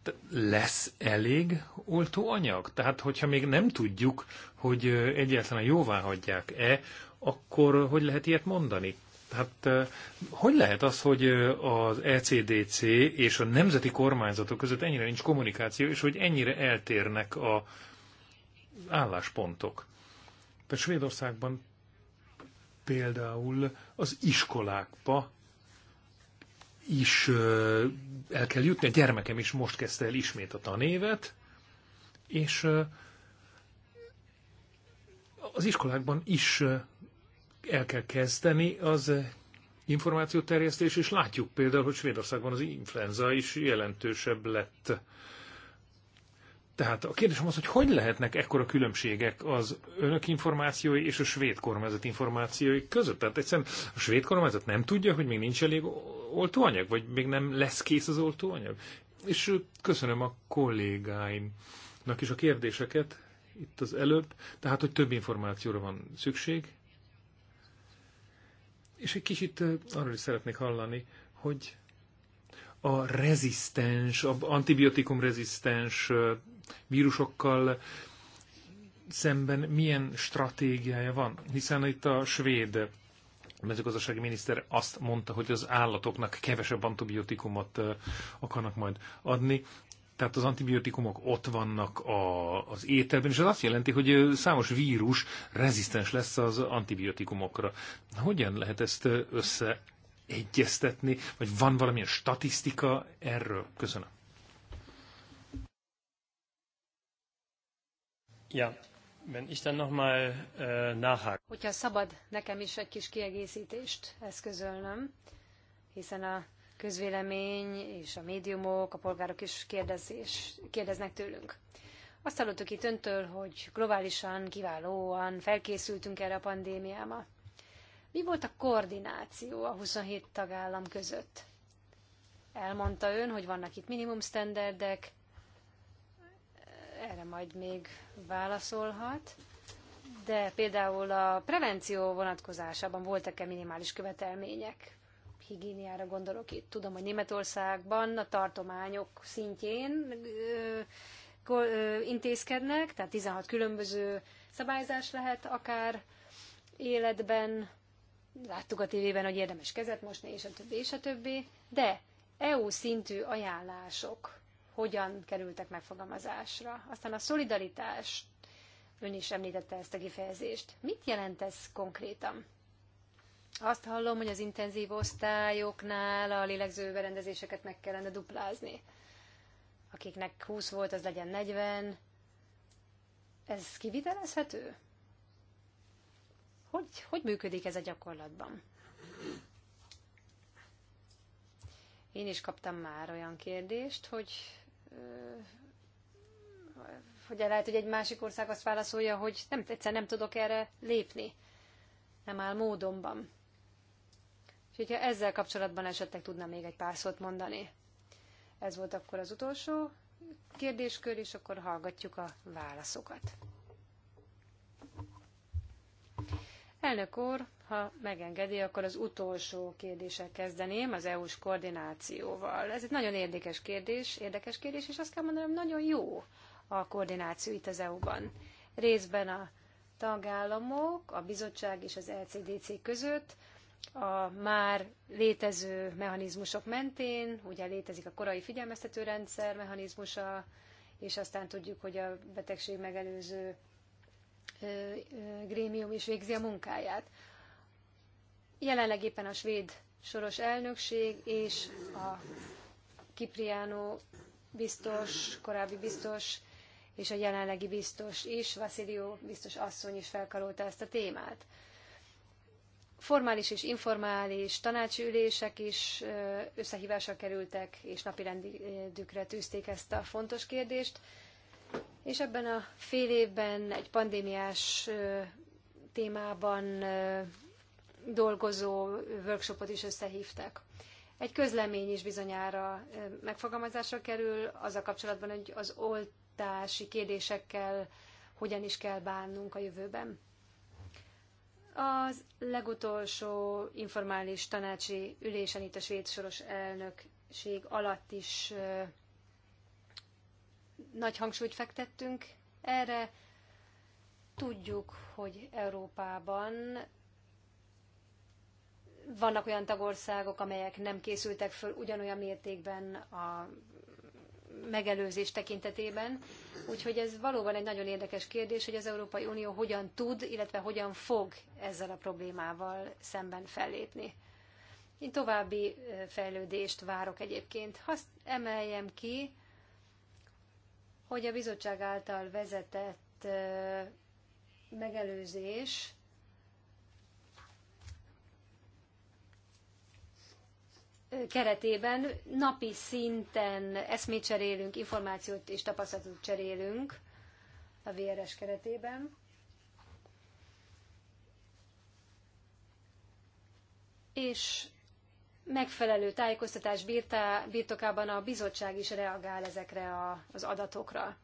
Speaker 1: De lesz
Speaker 2: elég oltóanyag? Tehát, hogyha még nem tudjuk, hogy egyáltalán jóvá hagyják-e, akkor hogy lehet ilyet mondani? Tehát hogy lehet az, hogy az ECDC és a nemzeti kormányzatok között ennyire nincs kommunikáció, és hogy ennyire eltérnek a álláspontok? tehát Svédországban például az iskolákba is el kell jutni. A gyermekem is most kezdte el ismét a tanévet, és az iskolákban is el kell kezdeni az információterjesztés, és látjuk például, hogy Svédországban az influenza is jelentősebb lett tehát a kérdésem az, hogy hogy lehetnek ekkora különbségek az önök információi és a svéd kormányzat információi között? Tehát egyszerűen a svéd kormányzat nem tudja, hogy még nincs elég oltóanyag, vagy még nem lesz kész az oltóanyag? És köszönöm a kollégáimnak is a kérdéseket itt az előbb, tehát hogy több információra van szükség. És egy kicsit arról is szeretnék hallani, hogy a rezisztens, a antibiotikum rezisztens vírusokkal szemben milyen stratégiája van? Hiszen itt a svéd mezőgazdasági miniszter azt mondta, hogy az állatoknak kevesebb antibiotikumot akarnak majd adni. Tehát az antibiotikumok ott vannak a, az ételben, és az azt jelenti, hogy számos vírus rezisztens lesz az antibiotikumokra. Hogyan lehet ezt összeegyeztetni, vagy van valamilyen statisztika erről? Köszönöm. Ja, wenn ich dann äh,
Speaker 3: Hogyha szabad nekem is egy kis kiegészítést eszközölnöm, hiszen a közvélemény és a médiumok, a polgárok is kérdezés, kérdeznek tőlünk. Azt hallottuk itt öntől, hogy globálisan, kiválóan felkészültünk erre a pandémiába. Mi volt a koordináció a 27 tagállam között? Elmondta ön, hogy vannak itt minimum standardek, erre majd még válaszolhat. De például a prevenció vonatkozásában voltak-e minimális követelmények? Higiéniára gondolok itt. Tudom, hogy Németországban a tartományok szintjén ö, ö, intézkednek, tehát 16 különböző szabályzás lehet akár életben. Láttuk a tévében, hogy érdemes kezet mosni, és a többi, és a többi. De EU szintű ajánlások hogyan kerültek megfogalmazásra. Aztán a szolidaritás, ön is említette ezt a kifejezést. Mit jelent ez konkrétan? Azt hallom, hogy az intenzív osztályoknál a lélegző berendezéseket meg kellene duplázni. Akiknek 20 volt, az legyen 40. Ez kivitelezhető? Hogy, hogy működik ez a gyakorlatban? Én is kaptam már olyan kérdést, hogy hogy lehet, hogy egy másik ország azt válaszolja, hogy nem, egyszer nem tudok erre lépni. Nem áll módomban. És hogyha ezzel kapcsolatban esetleg tudna még egy pár szót mondani. Ez volt akkor az utolsó kérdéskör, és akkor hallgatjuk a válaszokat. Elnök úr, ha megengedi, akkor az utolsó kérdéssel kezdeném, az EU-s koordinációval. Ez egy nagyon érdekes kérdés, érdekes kérdés, és azt kell mondanom, nagyon jó a koordináció itt az EU-ban. Részben a tagállamok, a bizottság és az LCDC e között, a már létező mechanizmusok mentén, ugye létezik a korai figyelmeztető rendszer mechanizmusa, és aztán tudjuk, hogy a betegség megelőző grémium is végzi a munkáját. Jelenleg éppen a svéd soros elnökség és a Kipriánó biztos, korábbi biztos és a jelenlegi biztos is, Vasilió biztos asszony is felkarolta ezt a témát. Formális és informális ülések is összehívásra kerültek, és napirendükre tűzték ezt a fontos kérdést és ebben a fél évben egy pandémiás témában dolgozó workshopot is összehívtak. Egy közlemény is bizonyára megfogalmazásra kerül, az a kapcsolatban, hogy az oltási kérdésekkel hogyan is kell bánnunk a jövőben. Az legutolsó informális tanácsi ülésen itt a svéd soros elnökség alatt is nagy hangsúlyt fektettünk erre. Tudjuk, hogy Európában vannak olyan tagországok, amelyek nem készültek föl ugyanolyan mértékben a megelőzés tekintetében. Úgyhogy ez valóban egy nagyon érdekes kérdés, hogy az Európai Unió hogyan tud, illetve hogyan fog ezzel a problémával szemben fellépni. Én további fejlődést várok egyébként. Azt emeljem ki, hogy a bizottság által vezetett megelőzés keretében napi szinten eszmét cserélünk, információt és tapasztalatot cserélünk a VRS keretében. És megfelelő tájékoztatás birtokában a bizottság is reagál ezekre a, az adatokra.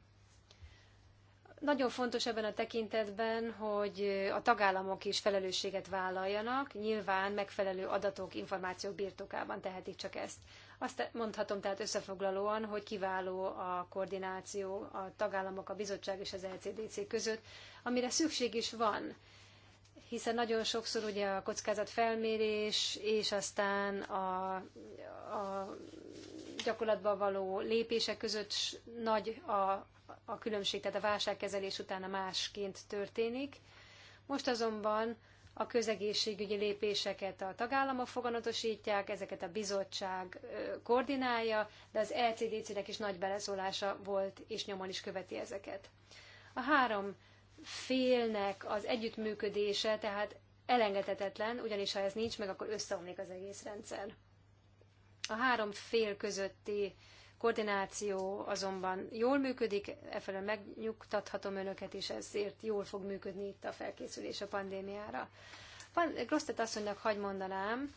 Speaker 3: Nagyon fontos ebben a tekintetben, hogy a tagállamok is felelősséget vállaljanak, nyilván megfelelő adatok, információk birtokában tehetik csak ezt. Azt mondhatom tehát összefoglalóan, hogy kiváló a koordináció a tagállamok, a bizottság és az LCDC e között, amire szükség is van hiszen nagyon sokszor ugye a kockázatfelmérés és aztán a, a gyakorlatban való lépések között nagy a, a különbség, tehát a válságkezelés utána másként történik. Most azonban a közegészségügyi lépéseket a tagállamok foganatosítják, ezeket a bizottság koordinálja, de az ECDC-nek is nagy beleszólása volt, és nyomon is követi ezeket. A három félnek az együttműködése, tehát elengedhetetlen, ugyanis ha ez nincs meg, akkor összeomlik az egész rendszer. A három fél közötti koordináció azonban jól működik, efelől megnyugtathatom önöket, és ezért jól fog működni itt a felkészülés a pandémiára. Grosztet asszonynak hagy mondanám,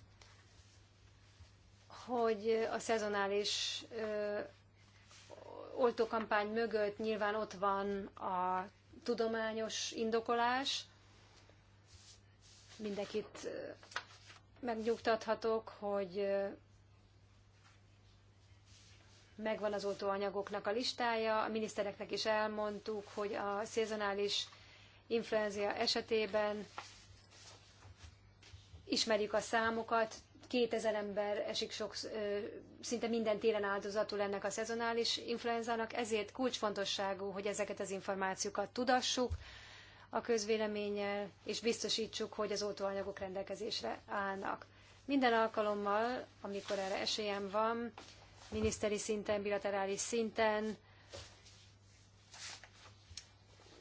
Speaker 3: hogy a szezonális ö, oltókampány mögött nyilván ott van a tudományos indokolás. Mindenkit megnyugtathatok, hogy megvan az oltóanyagoknak a listája. A minisztereknek is elmondtuk, hogy a szezonális influenza esetében ismerjük a számokat, 2000 ember esik sok, szinte minden télen áldozatul ennek a szezonális influenzának, ezért kulcsfontosságú, hogy ezeket az információkat tudassuk a közvéleménnyel, és biztosítsuk, hogy az oltóanyagok rendelkezésre állnak. Minden alkalommal, amikor erre esélyem van, miniszteri szinten, bilaterális szinten,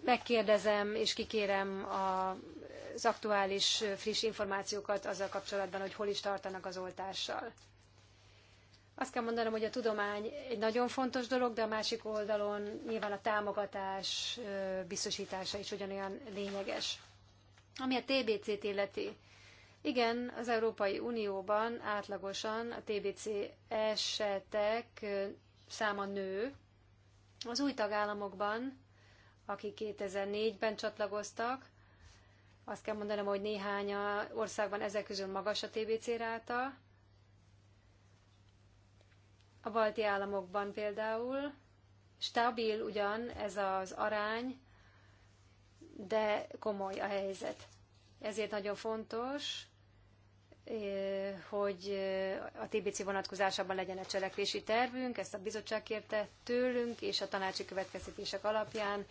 Speaker 3: megkérdezem és kikérem a, az aktuális friss információkat azzal kapcsolatban, hogy hol is tartanak az oltással. Azt kell mondanom, hogy a tudomány egy nagyon fontos dolog, de a másik oldalon nyilván a támogatás biztosítása is ugyanolyan lényeges. Ami a TBC-t illeti, igen, az Európai Unióban átlagosan a TBC esetek száma nő. Az új tagállamokban akik 2004-ben csatlakoztak. Azt kell mondanom, hogy néhány országban ezek közül magas a TBC ráta. A balti államokban például stabil ugyan ez az arány, de komoly a helyzet. Ezért nagyon fontos, eh, hogy a TBC vonatkozásában legyen egy cselekvési tervünk, ezt a bizottság kérte tőlünk, és a tanácsi következtetések alapján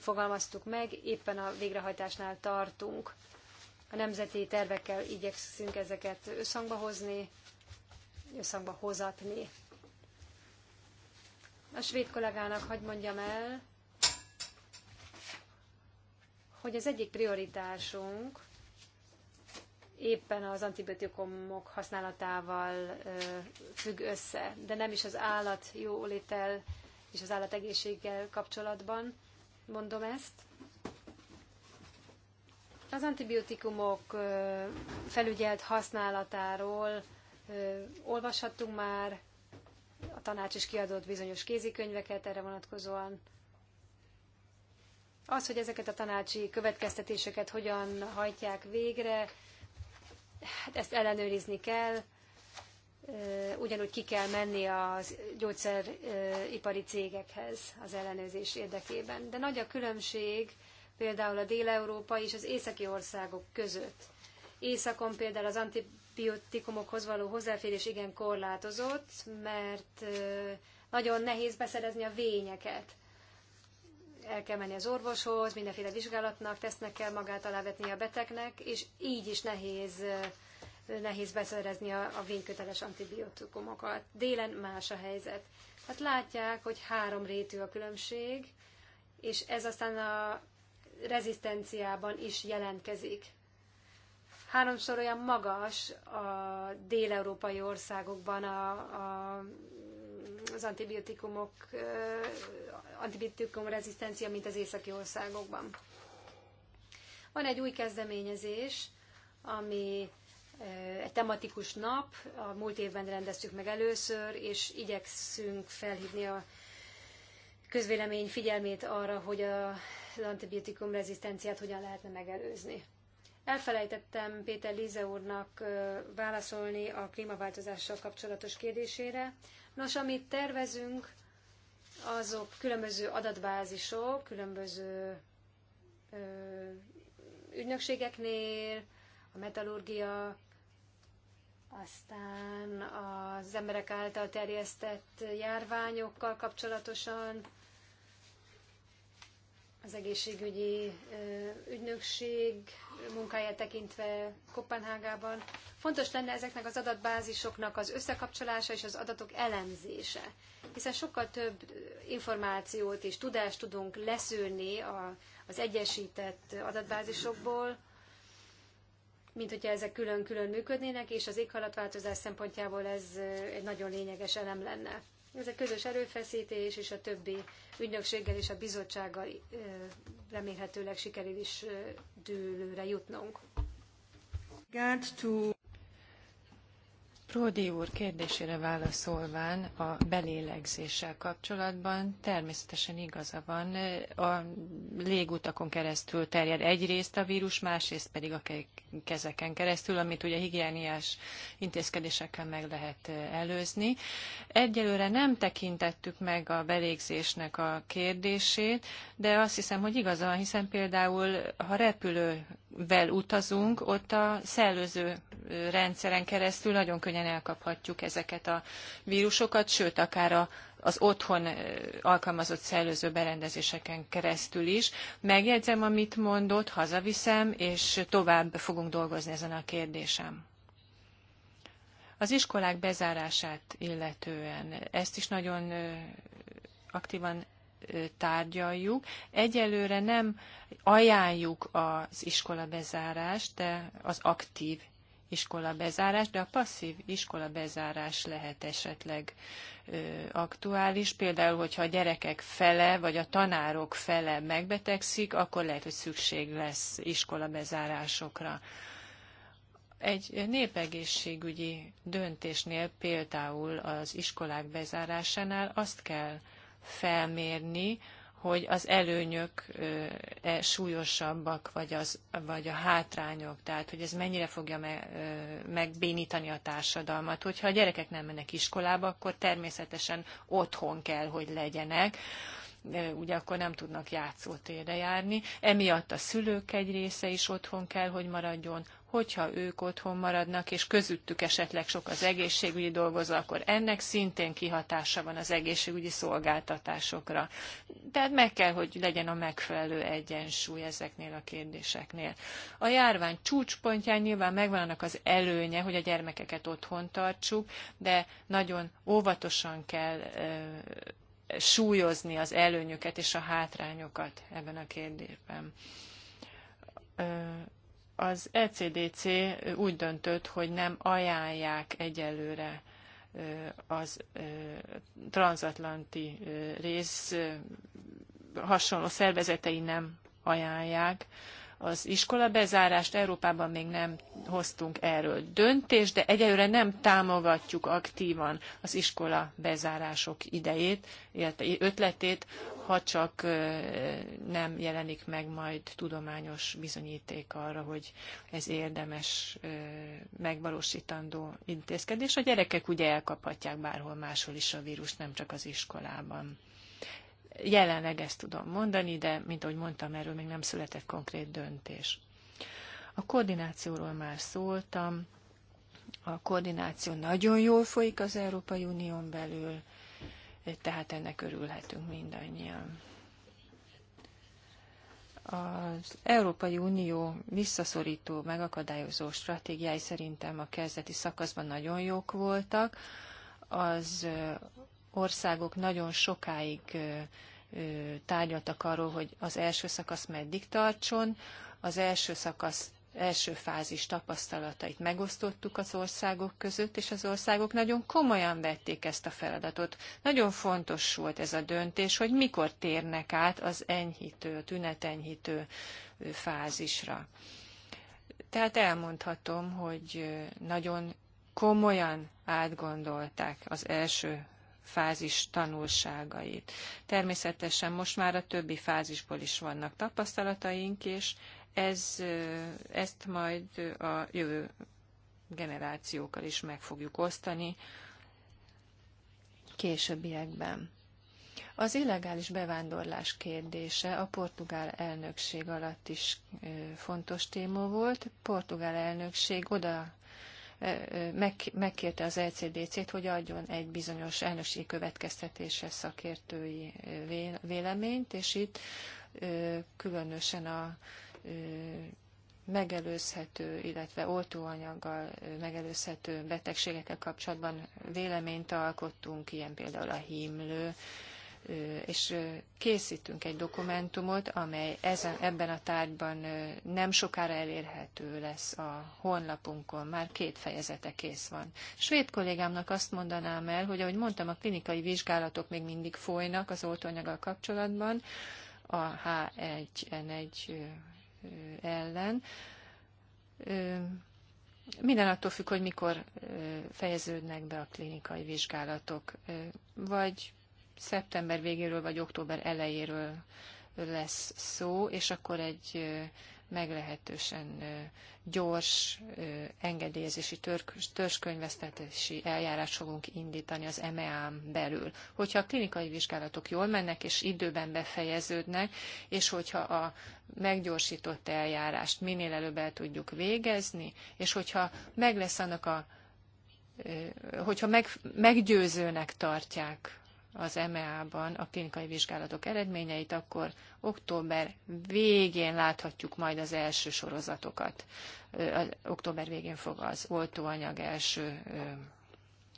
Speaker 3: fogalmaztuk meg, éppen a végrehajtásnál tartunk. A nemzeti tervekkel igyekszünk ezeket összhangba hozni, összhangba hozatni. A svéd kollégának hagyd mondjam el, hogy az egyik prioritásunk éppen az antibiotikumok használatával függ össze, de nem is az állat jólétel és az állategészséggel kapcsolatban, mondom ezt. Az antibiotikumok felügyelt használatáról olvashattunk már, a tanács is kiadott bizonyos kézikönyveket erre vonatkozóan. Az, hogy ezeket a tanácsi következtetéseket hogyan hajtják végre, hát ezt ellenőrizni kell, ugyanúgy ki kell menni a gyógyszeripari cégekhez az ellenőrzés érdekében. De nagy a különbség például a dél-európai és az északi országok között. Északon például az antibiotikumokhoz való hozzáférés igen korlátozott, mert nagyon nehéz beszerezni a vényeket. El kell menni az orvoshoz, mindenféle vizsgálatnak, tesznek kell magát alávetni a betegnek, és így is nehéz nehéz beszerezni a, a vénköteles antibiotikumokat. Délen más a helyzet. Hát látják, hogy három rétű a különbség, és ez aztán a rezisztenciában is jelentkezik. Háromszor olyan magas a déleurópai országokban a, a, az antibiotikumok, antibiotikum rezisztencia, mint az északi országokban. Van egy új kezdeményezés, ami egy tematikus nap, a múlt évben rendeztük meg először, és igyekszünk felhívni a közvélemény figyelmét arra, hogy az antibiotikum rezisztenciát hogyan lehetne megelőzni. Elfelejtettem Péter Líze úrnak válaszolni a klímaváltozással kapcsolatos kérdésére. Nos, amit tervezünk, azok különböző adatbázisok, különböző ügynökségeknél, a metalurgia, aztán az emberek által terjesztett járványokkal kapcsolatosan az egészségügyi ügynökség munkáját tekintve Kopenhágában. Fontos lenne ezeknek az adatbázisoknak az összekapcsolása és az adatok elemzése, hiszen sokkal több információt és tudást tudunk leszűrni az egyesített adatbázisokból, mint hogyha ezek külön-külön működnének, és az éghajlatváltozás szempontjából ez egy nagyon lényeges elem lenne. Ez egy közös erőfeszítés, és a többi ügynökséggel és a bizottsággal remélhetőleg sikerül is dőlőre jutnunk.
Speaker 1: Pródi úr kérdésére válaszolván a belélegzéssel kapcsolatban természetesen igaza van, a légutakon keresztül terjed egyrészt a vírus, másrészt pedig a kezeken keresztül, amit ugye higiéniás intézkedésekkel meg lehet előzni. Egyelőre nem tekintettük meg a belégzésnek a kérdését, de azt hiszem, hogy igaza van, hiszen például ha repülő vel utazunk, ott a szellőző rendszeren keresztül nagyon könnyen elkaphatjuk ezeket a vírusokat, sőt, akár a, az otthon alkalmazott szellőző berendezéseken keresztül is. Megjegyzem, amit mondott, hazaviszem, és tovább fogunk dolgozni ezen a kérdésem. Az iskolák bezárását illetően ezt is nagyon aktívan tárgyaljuk. Egyelőre nem ajánljuk az iskola bezárást, de az aktív iskola bezárás, de a passzív iskola bezárás lehet esetleg ö, aktuális. Például, hogyha a gyerekek fele, vagy a tanárok fele megbetegszik, akkor lehet, hogy szükség lesz iskola bezárásokra. Egy népegészségügyi döntésnél, például az iskolák bezárásánál azt kell felmérni, hogy az előnyök -e súlyosabbak, vagy, az, vagy a hátrányok, tehát hogy ez mennyire fogja me, megbénítani a társadalmat. Hogyha a gyerekek nem mennek iskolába, akkor természetesen otthon kell, hogy legyenek ugye akkor nem tudnak játszótérre járni. Emiatt a szülők egy része is otthon kell, hogy maradjon, hogyha ők otthon maradnak, és közüttük esetleg sok az egészségügyi dolgozó, akkor ennek szintén kihatása van az egészségügyi szolgáltatásokra. Tehát meg kell, hogy legyen a megfelelő egyensúly ezeknél a kérdéseknél. A járvány csúcspontján nyilván megvan annak az előnye, hogy a gyermekeket otthon tartsuk, de nagyon óvatosan kell súlyozni az előnyöket és a hátrányokat ebben a kérdésben az ECDC úgy döntött, hogy nem ajánlják egyelőre az transatlanti rész hasonló szervezetei nem ajánlják az iskola bezárást, Európában még nem hoztunk erről döntést, de egyelőre nem támogatjuk aktívan az iskola bezárások idejét, illetve ötletét, ha csak nem jelenik meg majd tudományos bizonyíték arra, hogy ez érdemes megvalósítandó intézkedés. A gyerekek ugye elkaphatják bárhol máshol is a vírus, nem csak az iskolában. Jelenleg ezt tudom mondani, de mint ahogy mondtam, erről még nem született konkrét döntés. A koordinációról már szóltam. A koordináció nagyon jól folyik az Európai Unión belül, tehát ennek örülhetünk mindannyian az Európai Unió visszaszorító, megakadályozó stratégiái szerintem a kezdeti szakaszban nagyon jók voltak. Az országok nagyon sokáig tárgyaltak arról, hogy az első szakasz meddig tartson. Az első szakasz első fázis tapasztalatait megosztottuk az országok között, és az országok nagyon komolyan vették ezt a feladatot. Nagyon fontos volt ez a döntés, hogy mikor térnek át az enyhítő, a tünetenyhítő fázisra. Tehát elmondhatom, hogy nagyon komolyan átgondolták az első fázis tanulságait. Természetesen most már a többi fázisból is vannak tapasztalataink, és ez, ezt majd a jövő generációkkal is meg fogjuk osztani későbbiekben. Az illegális bevándorlás kérdése a portugál elnökség alatt is fontos téma volt. Portugál elnökség oda megkérte az ECDC-t, hogy adjon egy bizonyos elnökségi következtetése szakértői véleményt, és itt különösen a megelőzhető, illetve oltóanyaggal megelőzhető betegségekkel kapcsolatban véleményt alkottunk, ilyen például a hímlő, és készítünk egy dokumentumot, amely ezen, ebben a tárgyban nem sokára elérhető lesz a honlapunkon. Már két fejezete kész van. Svéd kollégámnak azt mondanám el, hogy ahogy mondtam, a klinikai vizsgálatok még mindig folynak az oltóanyaggal kapcsolatban, a H1N1 ellen. Minden attól függ, hogy mikor fejeződnek be a klinikai vizsgálatok. Vagy szeptember végéről vagy október elejéről lesz szó, és akkor egy meglehetősen gyors engedélyezési törzskönyvesztetési eljárás fogunk indítani az mea belül. Hogyha a klinikai vizsgálatok jól mennek és időben befejeződnek, és hogyha a meggyorsított eljárást minél előbb el tudjuk végezni, és hogyha meg lesz annak a hogyha meg, meggyőzőnek tartják az EMEA-ban a klinikai vizsgálatok eredményeit, akkor október végén láthatjuk majd az első sorozatokat. Október végén fog az oltóanyag első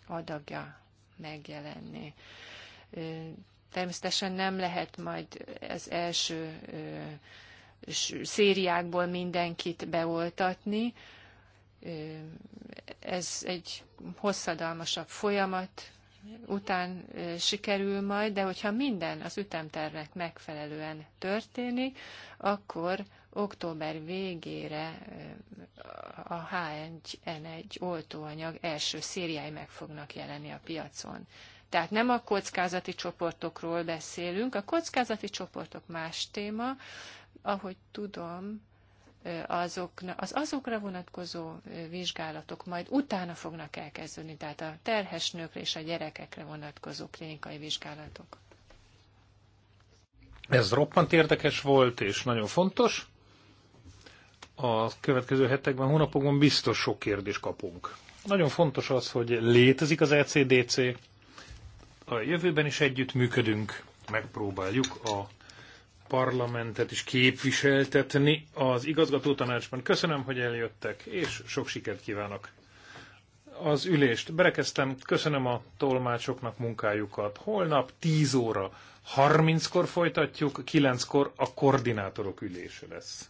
Speaker 1: adagja megjelenni. Természetesen nem lehet majd az első szériákból mindenkit beoltatni. Ez egy hosszadalmasabb folyamat, után sikerül majd, de hogyha minden az ütemtervnek megfelelően történik, akkor október végére a H1N1 oltóanyag első szériái meg fognak jelenni a piacon. Tehát nem a kockázati csoportokról beszélünk, a kockázati csoportok más téma, ahogy tudom, azokna, az azokra vonatkozó vizsgálatok majd utána fognak elkezdődni, tehát a terhes nőkre és a gyerekekre vonatkozó klinikai vizsgálatok.
Speaker 2: Ez roppant érdekes volt, és nagyon fontos. A következő hetekben, hónapokban biztos sok kérdést kapunk. Nagyon fontos az, hogy létezik az ECDC, a jövőben is együtt működünk, megpróbáljuk a parlamentet is képviseltetni az igazgató tanácsban. Köszönöm, hogy eljöttek, és sok sikert kívánok. Az ülést berekeztem, köszönöm a tolmácsoknak munkájukat. Holnap 10 óra 30-kor folytatjuk, 9-kor a koordinátorok ülése lesz.